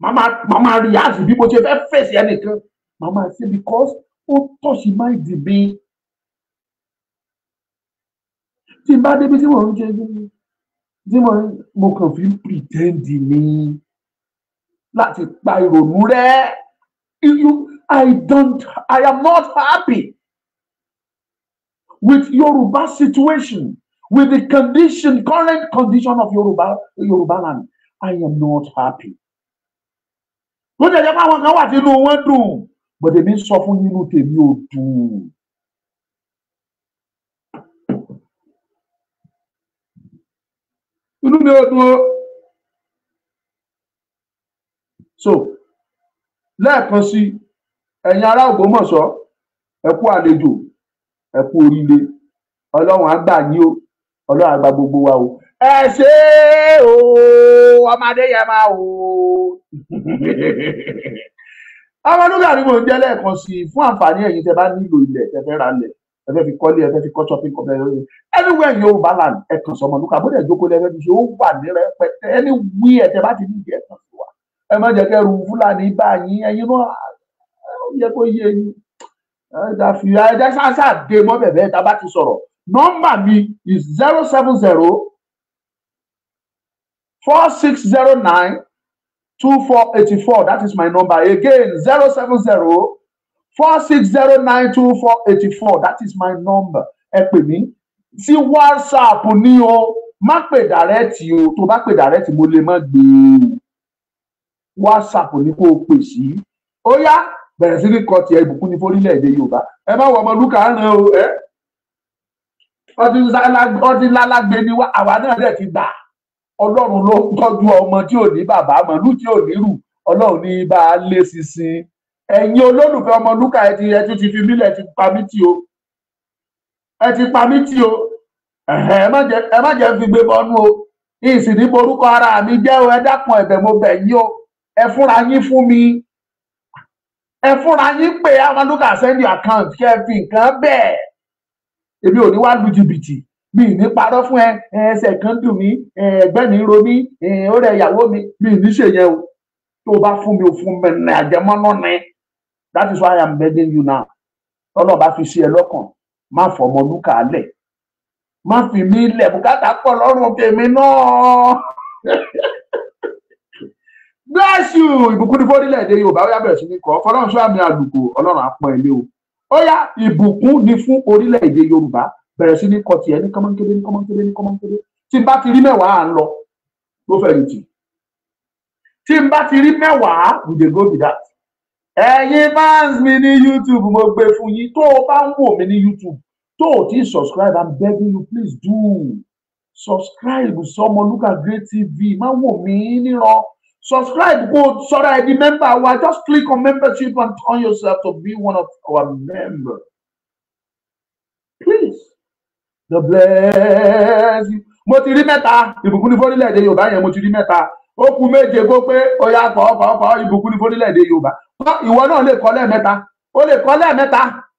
Mama, màmá react bí mo ṣe face fèsì ẹnìkan. Màmá say because ó tọ̀sí máa dì be? Tí n bá débi tí mò ń ṣe tí mo mo kàn fi ń pretend ni láti pa ìrònú rẹ. I don't I am not happy with Yoruba situation with the condition, current condition of Yoruba, Yoruba land, I am not happy. Ó jẹ́ jẹ́ pé àwọn but they sọ suffering you inú tèmi ò dùn. Inú mi ò dùn o. So, lẹ́ẹ̀kan sí ẹ̀yin ará Ògbómọ̀ṣọ́, ẹ kú àlejò, ẹ kú oríire ọlọ́run á gbà ọlọ́run àgbà gbogbo wa o ẹ ṣe o ọmọdé yẹn máa o ọmọ nígbà tí mo ń jẹ́ lẹ́ẹ̀kan sí i fún àǹfààní ẹ̀yin tẹ bá nílò ilẹ̀ tẹ fẹ́ ra lẹ̀ ẹ fẹ́ fi kọ́lé ẹ fẹ́ fi kọ́ shopping complex anywhere yóò bá là ẹ kàn sọmọ lùkà bó dẹ̀ jókòó lẹ́fẹ́ fi ṣe ó wà ní rẹpẹtẹ anywhere tẹ bá ti ní ìdí ẹ kàn sí wa ẹ má jẹ́ kẹ́rù fúlàní bá yín ẹ̀yin náà ó yẹ kó yé yín ẹ dá fi ẹ dá sáà sáà dé mọ́ bẹ̀bẹ̀ tá a bá ti sọ̀rọ̀ nọ́mbà mi is zero seven zero four six zero nine two four eighty four that is my number again zero seven zero four six zero nine two four eighty four that is my number ẹ pè mí sí whatsapp ni o má pè dàrẹ́tì o tó bá pè dàrẹ́tì mo lè má gbé e whatsapp ni kó o pè sí ó yá bẹ̀rẹ̀ sí ní kọ́ tiẹ̀ ìbùkún ní fórílẹ̀-èdè yorùbá ẹ má wọ ọmọlúkà ń ràn o ẹ́. Eh? ọdún lálágbé ni wá àwa náà dẹ̀ ti gbà ọlọ́run ló ń tọ́jú ọmọ tí ò ní bàbá màálù tí ò ní rù ọlọ́run ní bá a lé sinsin ẹ̀yin olólùfẹ́ ọmọ lúkà ẹ ti ẹ tún ti fi mílẹ̀ ti pa mí tì o ẹ ti pa mí tì o ẹ má jẹ́ fi gbé bọ́nú o ìsìn ní borúkọ ara mi jẹ́ o ẹ dákun ẹ̀bẹ̀ mo bẹ̀ yín o ẹ fúnra yín fún mi ẹ fúnra yín pé amaduka send your account kẹ́ ẹ fi nǹkan bẹ́ẹ̀ èmi ò ní wá lu jìbìtì mi ní parọ́ fún ẹ ẹsẹ̀ kan dùn mí ẹgbẹ́ mi ro mí ó rẹ ìyàwó mi mi ì ní ṣèyẹn o tó bá fún mi ò fún mi ní àjẹmọ́nà ni that is why I am begging you now tọ́lọ́ bá fi sí ẹ lọ́kàn má fọmọ lúkà lẹ̀ má fi mí lẹ̀ bùkátà pọ̀ lọ́rùn tèmi náà bless you ìbùkún ní fọ́rílẹ̀ èdè Yorùbá ó yá bẹ̀rẹ̀ sí ní kọ́ fọlọ́run sọ àmì àlùkò Ọlọ́run á pọ́n ẹ lé o ó yá ìbùkún ni fún orílẹ̀-èdè yorùbá bẹ̀rẹ̀ sí ní kọtì ẹ̀ ní kọ́mọ́nkéré ní kọ́mọ́nkéré ní kọ́mọ́nkéré tí n bá ti rí mẹ́wàá à ń lọ ló fẹ́ lù tì tí n bá ti rí mẹ́wàá we dey go be that ẹ̀yin fans mi ní youtube mo gbé fún yín tó o bá ń wò mí ní youtube tó o ti subscribe i'm begging you please do subscribe sọmọlúkà great tv má wò mí níran subscribe go sọra ẹ di member wa just click on membership and turn yourself to be one of our member please the bless you. mo ti rí mẹ́ta ìbùkún ní fórílẹ̀-èdè yorùbá yẹn mo ti rí mẹ́ta ó kù méje kó pé ọ̀yà kọ̀ọ̀kọ̀ọ̀kọ̀ ìbùkún ní fórílẹ̀-èdè yorùbá ìwọ náà lè kọ́ lẹ́ẹ̀mẹ́ta ó lè kọ́ lẹ́ẹ̀mẹ́ta